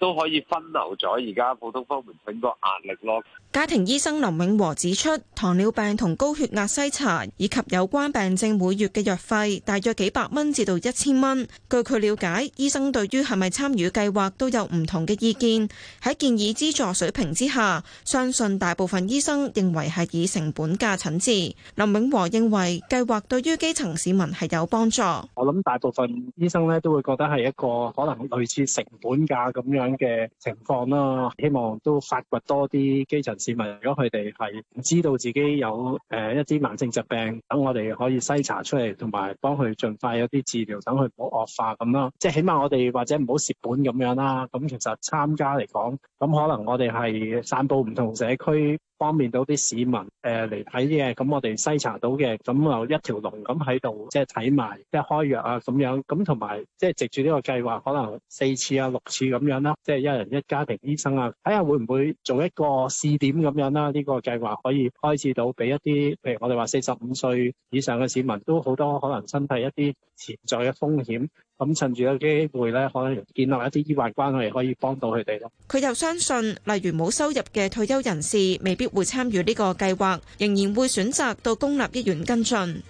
都可以分流咗而家普通科門診個壓力咯。家庭醫生林永和指出，糖尿病同高血壓篩查以及有關病症每月嘅藥費大約幾百蚊至到一千蚊。據佢了解，醫生對於係咪參與計劃都有唔同嘅意見。喺建議資助水平之下，相信大部分醫生認為係以成本價診治。林永和認為計劃對於基層市民係有幫助。我諗大部分醫生咧都會覺得係一個可能類似成本價咁樣。嘅情況啦，希望都發掘多啲基層市民，如果佢哋係唔知道自己有誒一啲慢性疾病，等我哋可以篩查出嚟，同埋幫佢盡快有啲治療，等佢唔好惡化咁啦。即係起碼我哋或者唔好蝕本咁樣啦。咁其實參加嚟講，咁可能我哋係散佈唔同社區。方便到啲市民誒嚟睇嘅，咁、呃嗯、我哋篩查到嘅，咁、嗯、又一條龍咁喺度，即係睇埋，即係開藥啊咁樣，咁同埋即係藉住呢個計劃，可能四次啊六次咁樣啦，即係一人一家庭醫生啊，睇下會唔會做一個試點咁樣啦？呢、這個計劃可以開始到俾一啲，譬如我哋話四十五歲以上嘅市民都好多，可能身體一啲潛在嘅風險。咁趁住個機會咧，可以建立一啲醫患關係，可以幫到佢哋咯。佢又相信，例如冇收入嘅退休人士，未必會參與呢個計劃，仍然會選擇到公立醫院跟進。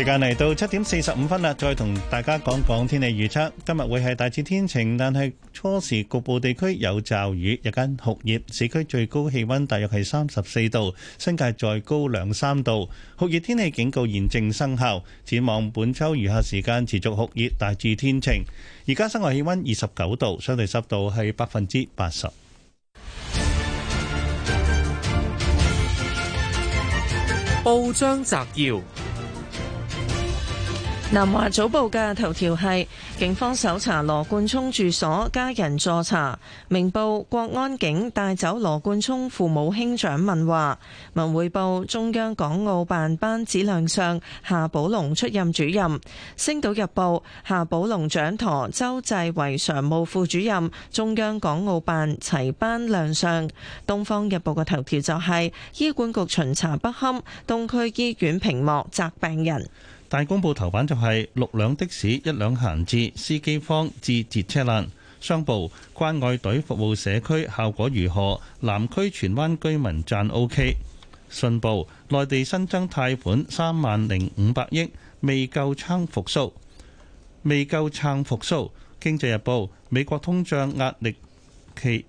時間嚟到七點四十五分啦，再同大家講講天氣預測。今日會係大致天晴，但係初時局部地區有驟雨，日間酷熱。市區最高氣溫大約係三十四度，新界再高兩三度。酷熱天氣警告現正生效，展望本周餘下時間持續酷熱，大致天晴。而家室外氣溫二十九度，相對濕度係百分之八十。報章摘要。南華早報嘅頭條係警方搜查羅冠聰住所，家人助查。明報國安警帶走羅冠聰父母兄長問話。文匯報中央港澳辦班子亮相，夏寶龍出任主任。星島日報夏寶龍掌舵，周濟為常務副主任。中央港澳辦齊班亮相。東方日報嘅頭條就係、是、醫管局巡查不堪，東區醫院屏幕砸病人。大公報頭版就係，六輛的士，一輛閒置，司機荒，致截車難。商報，關愛隊服務社區效果如何？南區荃灣居民讚 OK。信報，內地新增貸款三萬零五百億，未夠撐復甦，未夠撐復甦。經濟日報，美國通脹壓力企。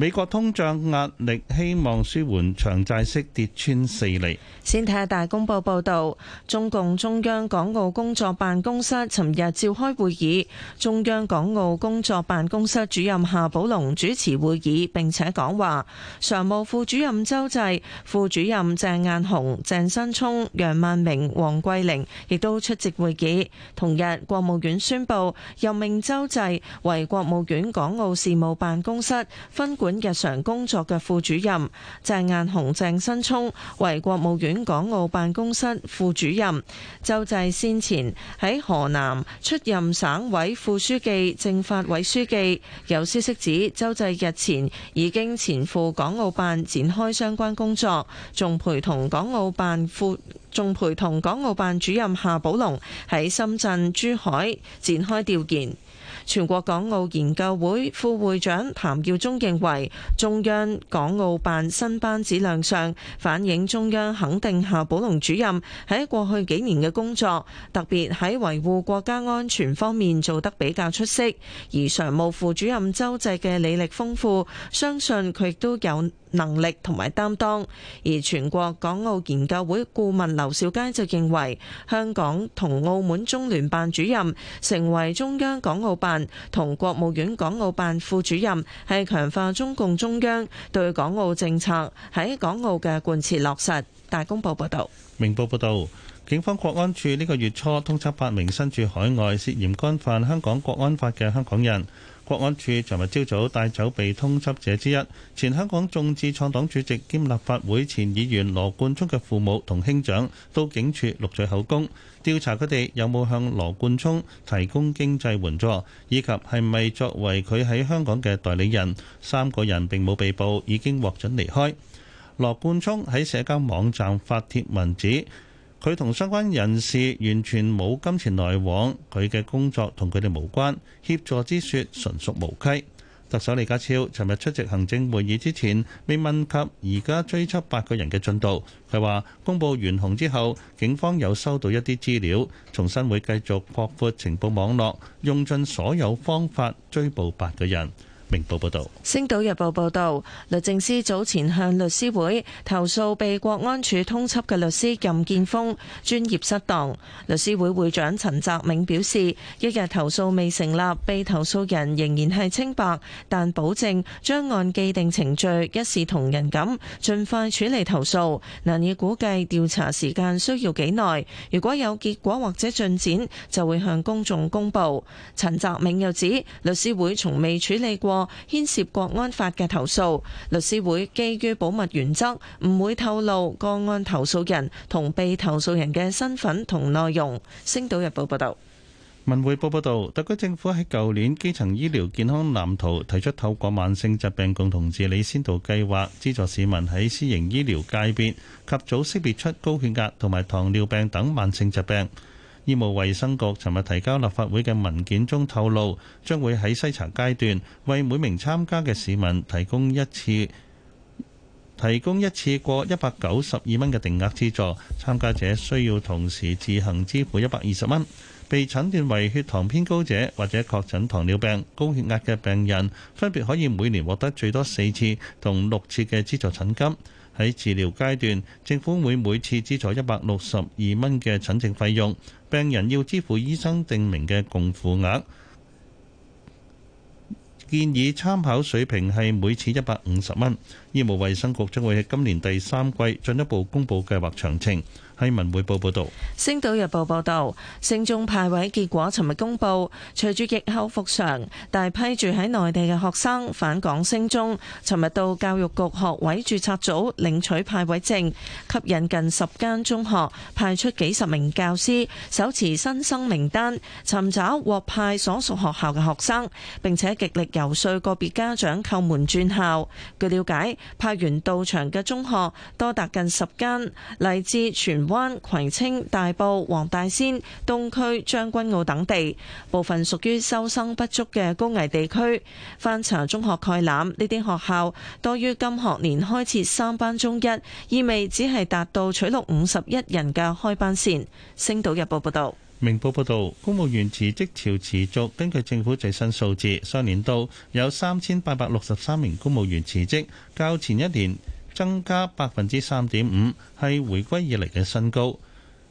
美國通脹壓力希望舒緩，長債息跌穿四厘。先睇下大公報報導，中共中央港澳工作辦公室尋日召開會議，中央港澳工作辦公室主任夏寶龍主持會議並且講話，常務副主任周濟、副主任鄭雁雄、鄭新聰、楊萬明、黃桂玲亦都出席會議。同日，國務院宣布任命周濟為國務院港澳事務辦公室分管日常工作嘅副主任鄭雁雄、鄭新聰為國務院港澳辦公室副主任。周濟先前喺河南出任省委副書記、政法委書記。有消息指，周濟日前已經前赴港澳辦展開相關工作，仲陪同港澳辦副仲陪同港澳辦主任夏寶龍喺深圳、珠海展開調研。全國港澳研究會副會長譚耀宗認為，中央港澳辦新班子亮相，反映中央肯定夏寶龍主任喺過去幾年嘅工作，特別喺維護國家安全方面做得比較出色。而常務副主任周濟嘅履歷豐富，相信佢亦都有能力同埋擔當，而全國港澳研究會顧問劉兆佳就認為，香港同澳門中聯辦主任成為中央港澳辦同國務院港澳辦副主任，係強化中共中央對港澳政策喺港澳嘅貫徹落實。大公報報導，明報報導，警方國安處呢個月初通緝八名身處海外涉嫌干犯香港國安法嘅香港人。國安處尋日朝早帶走被通緝者之一，前香港眾志創黨主席兼立法會前議員羅冠聰嘅父母同兄長到警署錄取口供，調查佢哋有冇向羅冠聰提供經濟援助，以及係咪作為佢喺香港嘅代理人。三個人並冇被捕，已經獲准離開。羅冠聰喺社交網站發帖文指，佢同相關人士完全冇金錢來往，佢嘅工作同佢哋無關，協助之説純屬無稽。特首李家超尋日出席行政會議之前，未問及而家追緝八個人嘅進度。佢話：公佈懸紅之後，警方有收到一啲資料，重申會繼續擴闊情報網絡，用盡所有方法追捕八個人。明報報導，《星島日報》報道，律政司早前向律師會投訴被國安處通緝嘅律師任建峰專業失當。律師會會長陳澤銘表示，一日投訴未成立，被投訴人仍然係清白，但保證將按既定程序一視同仁咁，盡快處理投訴。難以估計調查時間需要幾耐，如果有結果或者進展，就會向公眾公布。陳澤銘又指，律師會從未處理過牽涉國安法嘅投訴，律師會基於保密原則，唔會透露個案投訴人同被投訴人嘅身份同內容。星島日報報道，文匯報報道，特區政府喺舊年基層醫療健康藍圖提出，透過慢性疾病共同治理先導計劃，資助市民喺私營醫療界別及早識別出高血壓同埋糖尿病等慢性疾病。醫務衛生局尋日提交立法會嘅文件中透露，將會喺篩查階段為每名參加嘅市民提供一次提供一次過一百九十二蚊嘅定額資助，參加者需要同時自行支付一百二十蚊。被診斷為血糖偏高者或者確診糖尿病、高血壓嘅病人，分別可以每年獲得最多四次同六次嘅資助診金。喺治療階段，政府會每次資助一百六十二蚊嘅診症費用，病人要支付醫生證明嘅共付額。建議參考水平係每次一百五十蚊。醫務衛生局將會喺今年第三季進一步公布計劃詳情。《文匯報》報道，《星島日報》報道，升中派位結果尋日公布，隨住疫後復常，大批住喺內地嘅學生返港升中，尋日到教育局學位注冊組領取派位證，吸引近十間中學派出幾十名教師，手持新生名單，尋找獲派所屬學校嘅學生，並且極力游說個別家長叩門轉校。據了解，派員到場嘅中學多達近十間，嚟自全。灣、葵青、大埔、黃大仙、東區、將軍澳等地，部分屬於收生不足嘅高危地區。翻查中學概覽，呢啲學校多於今學年開設三班中一，意味只係達到取錄五十一人嘅開班線。星島日報報道。明報報道，公務員辭職潮持續。根據政府最新數字，上年度有三千八百六十三名公務員辭職，較前一年。增加百分之三點五，係回歸以嚟嘅新高。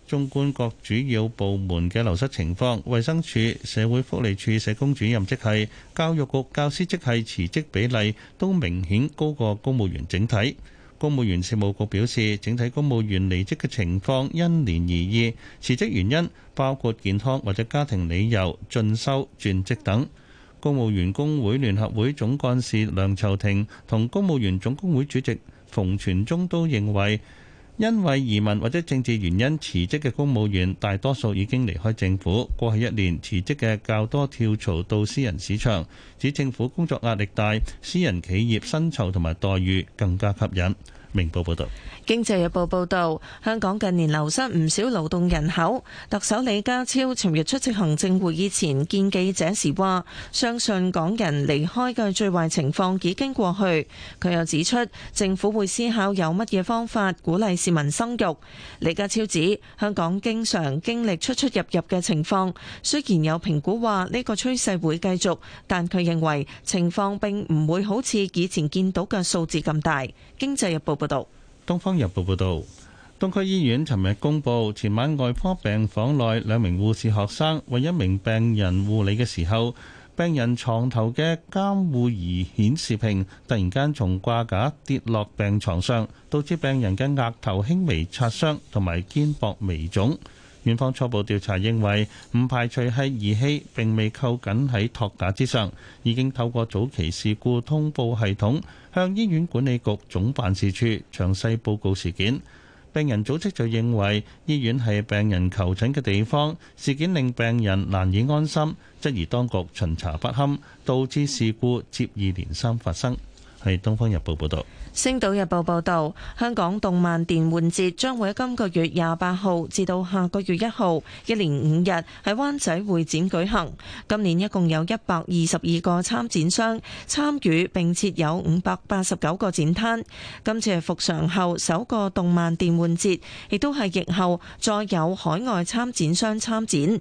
縱觀各主要部門嘅流失情況，衛生署、社會福利署社工主任職系、教育局教師職系辭職比例都明顯高過公務員整體。公務員事務局表示，整體公務員離職嘅情況因年而異，辭職原因包括健康或者家庭理由、進修轉職等。公務員工會聯合會總幹事梁籌庭同公務員總工會主席。馮全忠都認為，因為移民或者政治原因辭職嘅公務員，大多數已經離開政府。過去一年辭職嘅較多跳槽到私人市場，指政府工作壓力大，私人企業薪酬同埋待遇更加吸引。明報報道。《經濟日報》報導，香港近年流失唔少勞動人口。特首李家超尋日出席行政會議前見記者時話：相信港人離開嘅最壞情況已經過去。佢又指出，政府會思考有乜嘢方法鼓勵市民生育。李家超指，香港經常經歷出出入入嘅情況，雖然有評估話呢個趨勢會繼續，但佢認為情況並唔會好似以前見到嘅數字咁大。《經濟日報》報導。《東方日報》報導，東區醫院尋日公布，前晚外科病房內兩名護士學生為一名病人護理嘅時候，病人床頭嘅監護儀顯示屏突然間從掛架跌落病床上，導致病人嘅額頭輕微擦傷同埋肩膊微腫。院方初步調查認為，唔排除係儀器並未扣緊喺托架之上，已經透過早期事故通報系統向醫院管理局總辦事處詳細報告事件。病人組織就認為，醫院係病人求診嘅地方，事件令病人難以安心，質疑當局巡查不堪，e 導致事故接二連三發生。係《東方日報，報》報道。星島日報報道，香港動漫電玩節將會喺今個月廿八號至到下個月一號，一連五日喺灣仔會展舉行。今年一共有一百二十二個參展商參與，參與並設有五百八十九個展攤。今次係復常後首個動漫電玩節，亦都係疫後再有海外參展商參展。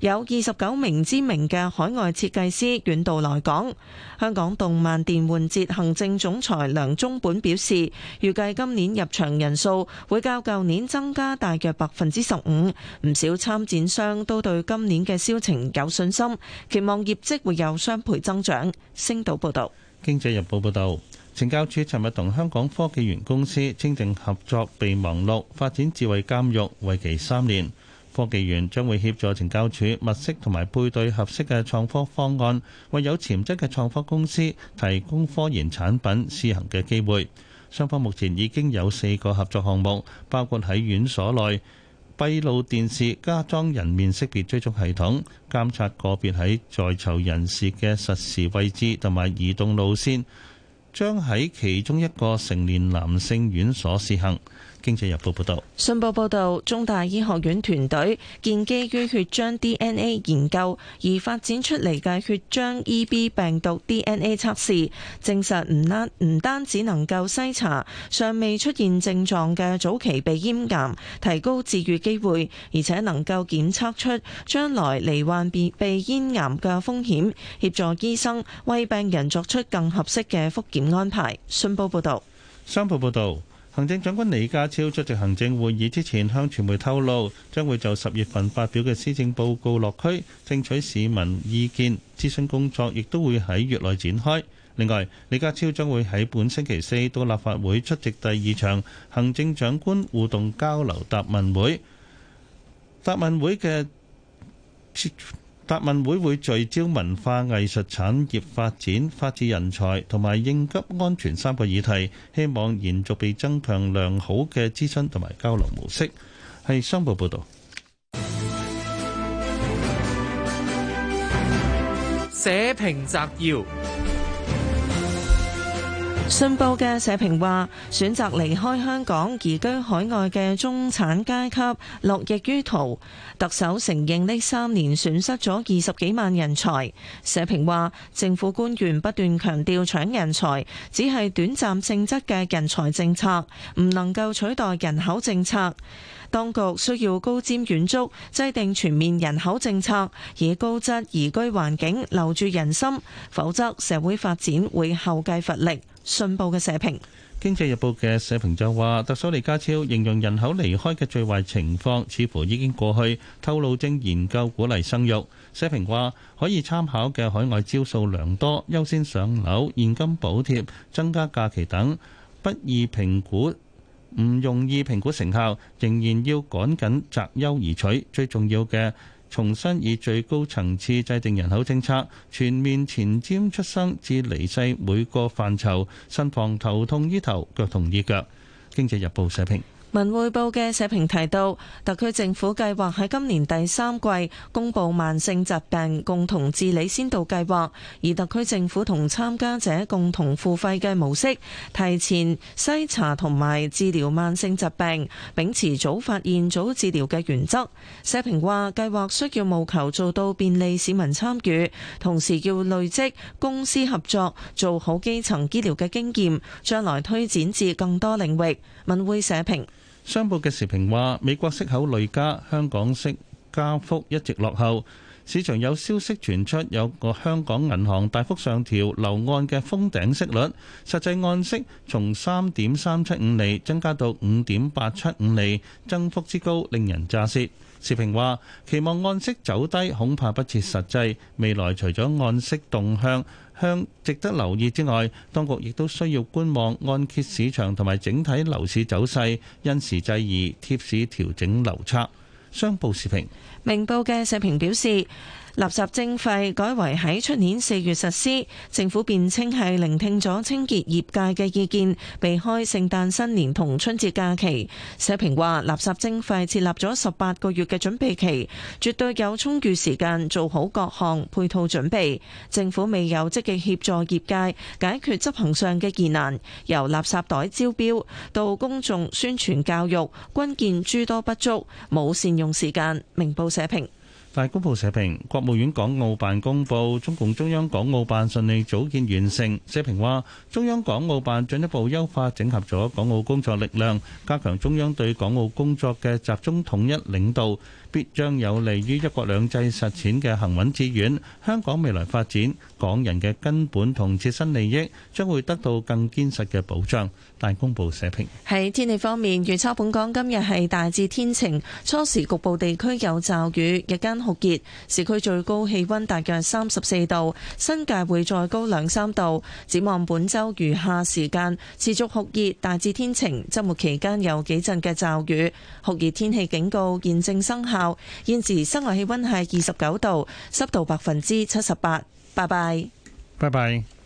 有二十九名知名嘅海外設計師遠道來港。香港動漫電玩節行政總裁梁中本表示，預計今年入場人數會較舊年增加大約百分之十五。唔少參展商都對今年嘅銷情有信心，期望業績會有雙倍增長。星島報導，《經濟日報》報導，懲教署尋日同香港科技園公司簽訂合作備忘錄，發展智慧監獄，為期三年。科技園將會協助懲教署物色同埋配對合適嘅創科方案，為有潛質嘅創科公司提供科研產品試行嘅機會。雙方目前已經有四個合作項目，包括喺院所內閉路電視加裝人面識別追蹤系統，監察個別喺在，在囚人士嘅實時位置同埋移動路線，將喺其中一個成年男性院所試行。經濟日報報道，信報報道，中大醫學院團隊建基於血漿 DNA 研究而發展出嚟嘅血漿 EB 病毒 DNA 測試，證實唔單唔單止能夠篩查尚未出現症狀嘅早期鼻咽癌，提高治癒機會，而且能夠檢測出將來罹患鼻鼻咽癌嘅風險，協助醫生為病人作出更合適嘅複檢安排。信報報道，三報報道。行政長官李家超出席行政會議之前，向傳媒透露，將會就十月份發表嘅施政報告落區，聽取市民意見諮詢工作，亦都會喺月內展開。另外，李家超將會喺本星期四到立法會出席第二場行政長官互動交流答問會。答問會嘅設答問會會聚焦文化藝術產業發展、法治人才同埋應急安全三個議題，希望延續被增強良好嘅諮詢同埋交流模式。係商報報道。社評摘要。信報嘅社評話：選擇離開香港移居海外嘅中產階級絡繹於途。特首承認呢三年損失咗二十幾萬人才。社評話：政府官員不斷強調搶人才，只係短暫性質嘅人才政策，唔能夠取代人口政策。當局需要高瞻遠矚，制定全面人口政策，以高質宜居環境留住人心，否則社會發展會後繼乏力。信報嘅社評，經濟日報嘅社評就話，特首李家超形容人口離開嘅最壞情況似乎已經過去，透露正研究鼓勵生育。社評話，可以參考嘅海外招數良多，優先上樓、現金補貼、增加假期等，不易評估。唔容易評估成效，仍然要趕緊擇優而取。最重要嘅，重新以最高層次制定人口政策，全面前瞻出生至離世每個範疇，慎防頭痛醫頭，腳痛醫腳。經濟日報社評。文匯報嘅社評提到，特區政府計劃喺今年第三季公布慢性疾病共同治理先導計劃，以特區政府同參加者共同付費嘅模式，提前篩查同埋治療慢性疾病，秉持早發現、早治療嘅原則。社評話，計劃需要務求做到便利市民參與，同時要累積公私合作做好基層醫療嘅經驗，將來推展至更多領域。文匯社評。商報嘅時評話：美國息口累加，香港息加幅一直落後。市場有消息傳出，有個香港銀行大幅上調樓按嘅封頂息率，實際按息從三點三七五厘增加到五點八七五厘，增幅之高令人咋舌。時評話：期望按息走低恐怕不切實際。未來除咗按息動向，向值得留意之外，當局亦都需要觀望按揭市場同埋整體樓市走勢，因時制宜，貼市調整樓策。商報時評。明報嘅社評表示。垃圾徵費改為喺出年四月實施，政府辯稱係聆聽咗清潔業界嘅意見，避開聖誕、新年同春節假期。社評話，垃圾徵費設立咗十八個月嘅準備期，絕對有充裕時間做好各項配套準備。政府未有積極協助業界解決執行上嘅疑難，由垃圾袋招標到公眾宣傳教育，均見諸多不足，冇善用時間。明報社評。大公報社評，國務院港澳辦公布，中共中央港澳辦順利組建完成。社評話，中央港澳辦進一步優化整合咗港澳工作力量，加強中央對港澳工作嘅集中統一領導。必將有利於一國兩制實踐嘅行穩致遠，香港未來發展，港人嘅根本同切身利益，將會得到更堅實嘅保障。大公報社評。喺天氣方面，預測本港今日係大致天晴，初時局部地區有驟雨，日間酷熱，市區最高氣温大約三十四度，新界會再高兩三度。展望本週餘下時間持續酷熱，大致天晴，周末期間有幾陣嘅驟雨，酷熱天氣警告現正生效。現時室外氣溫係二十九度，濕度百分之七十八。拜拜，拜拜。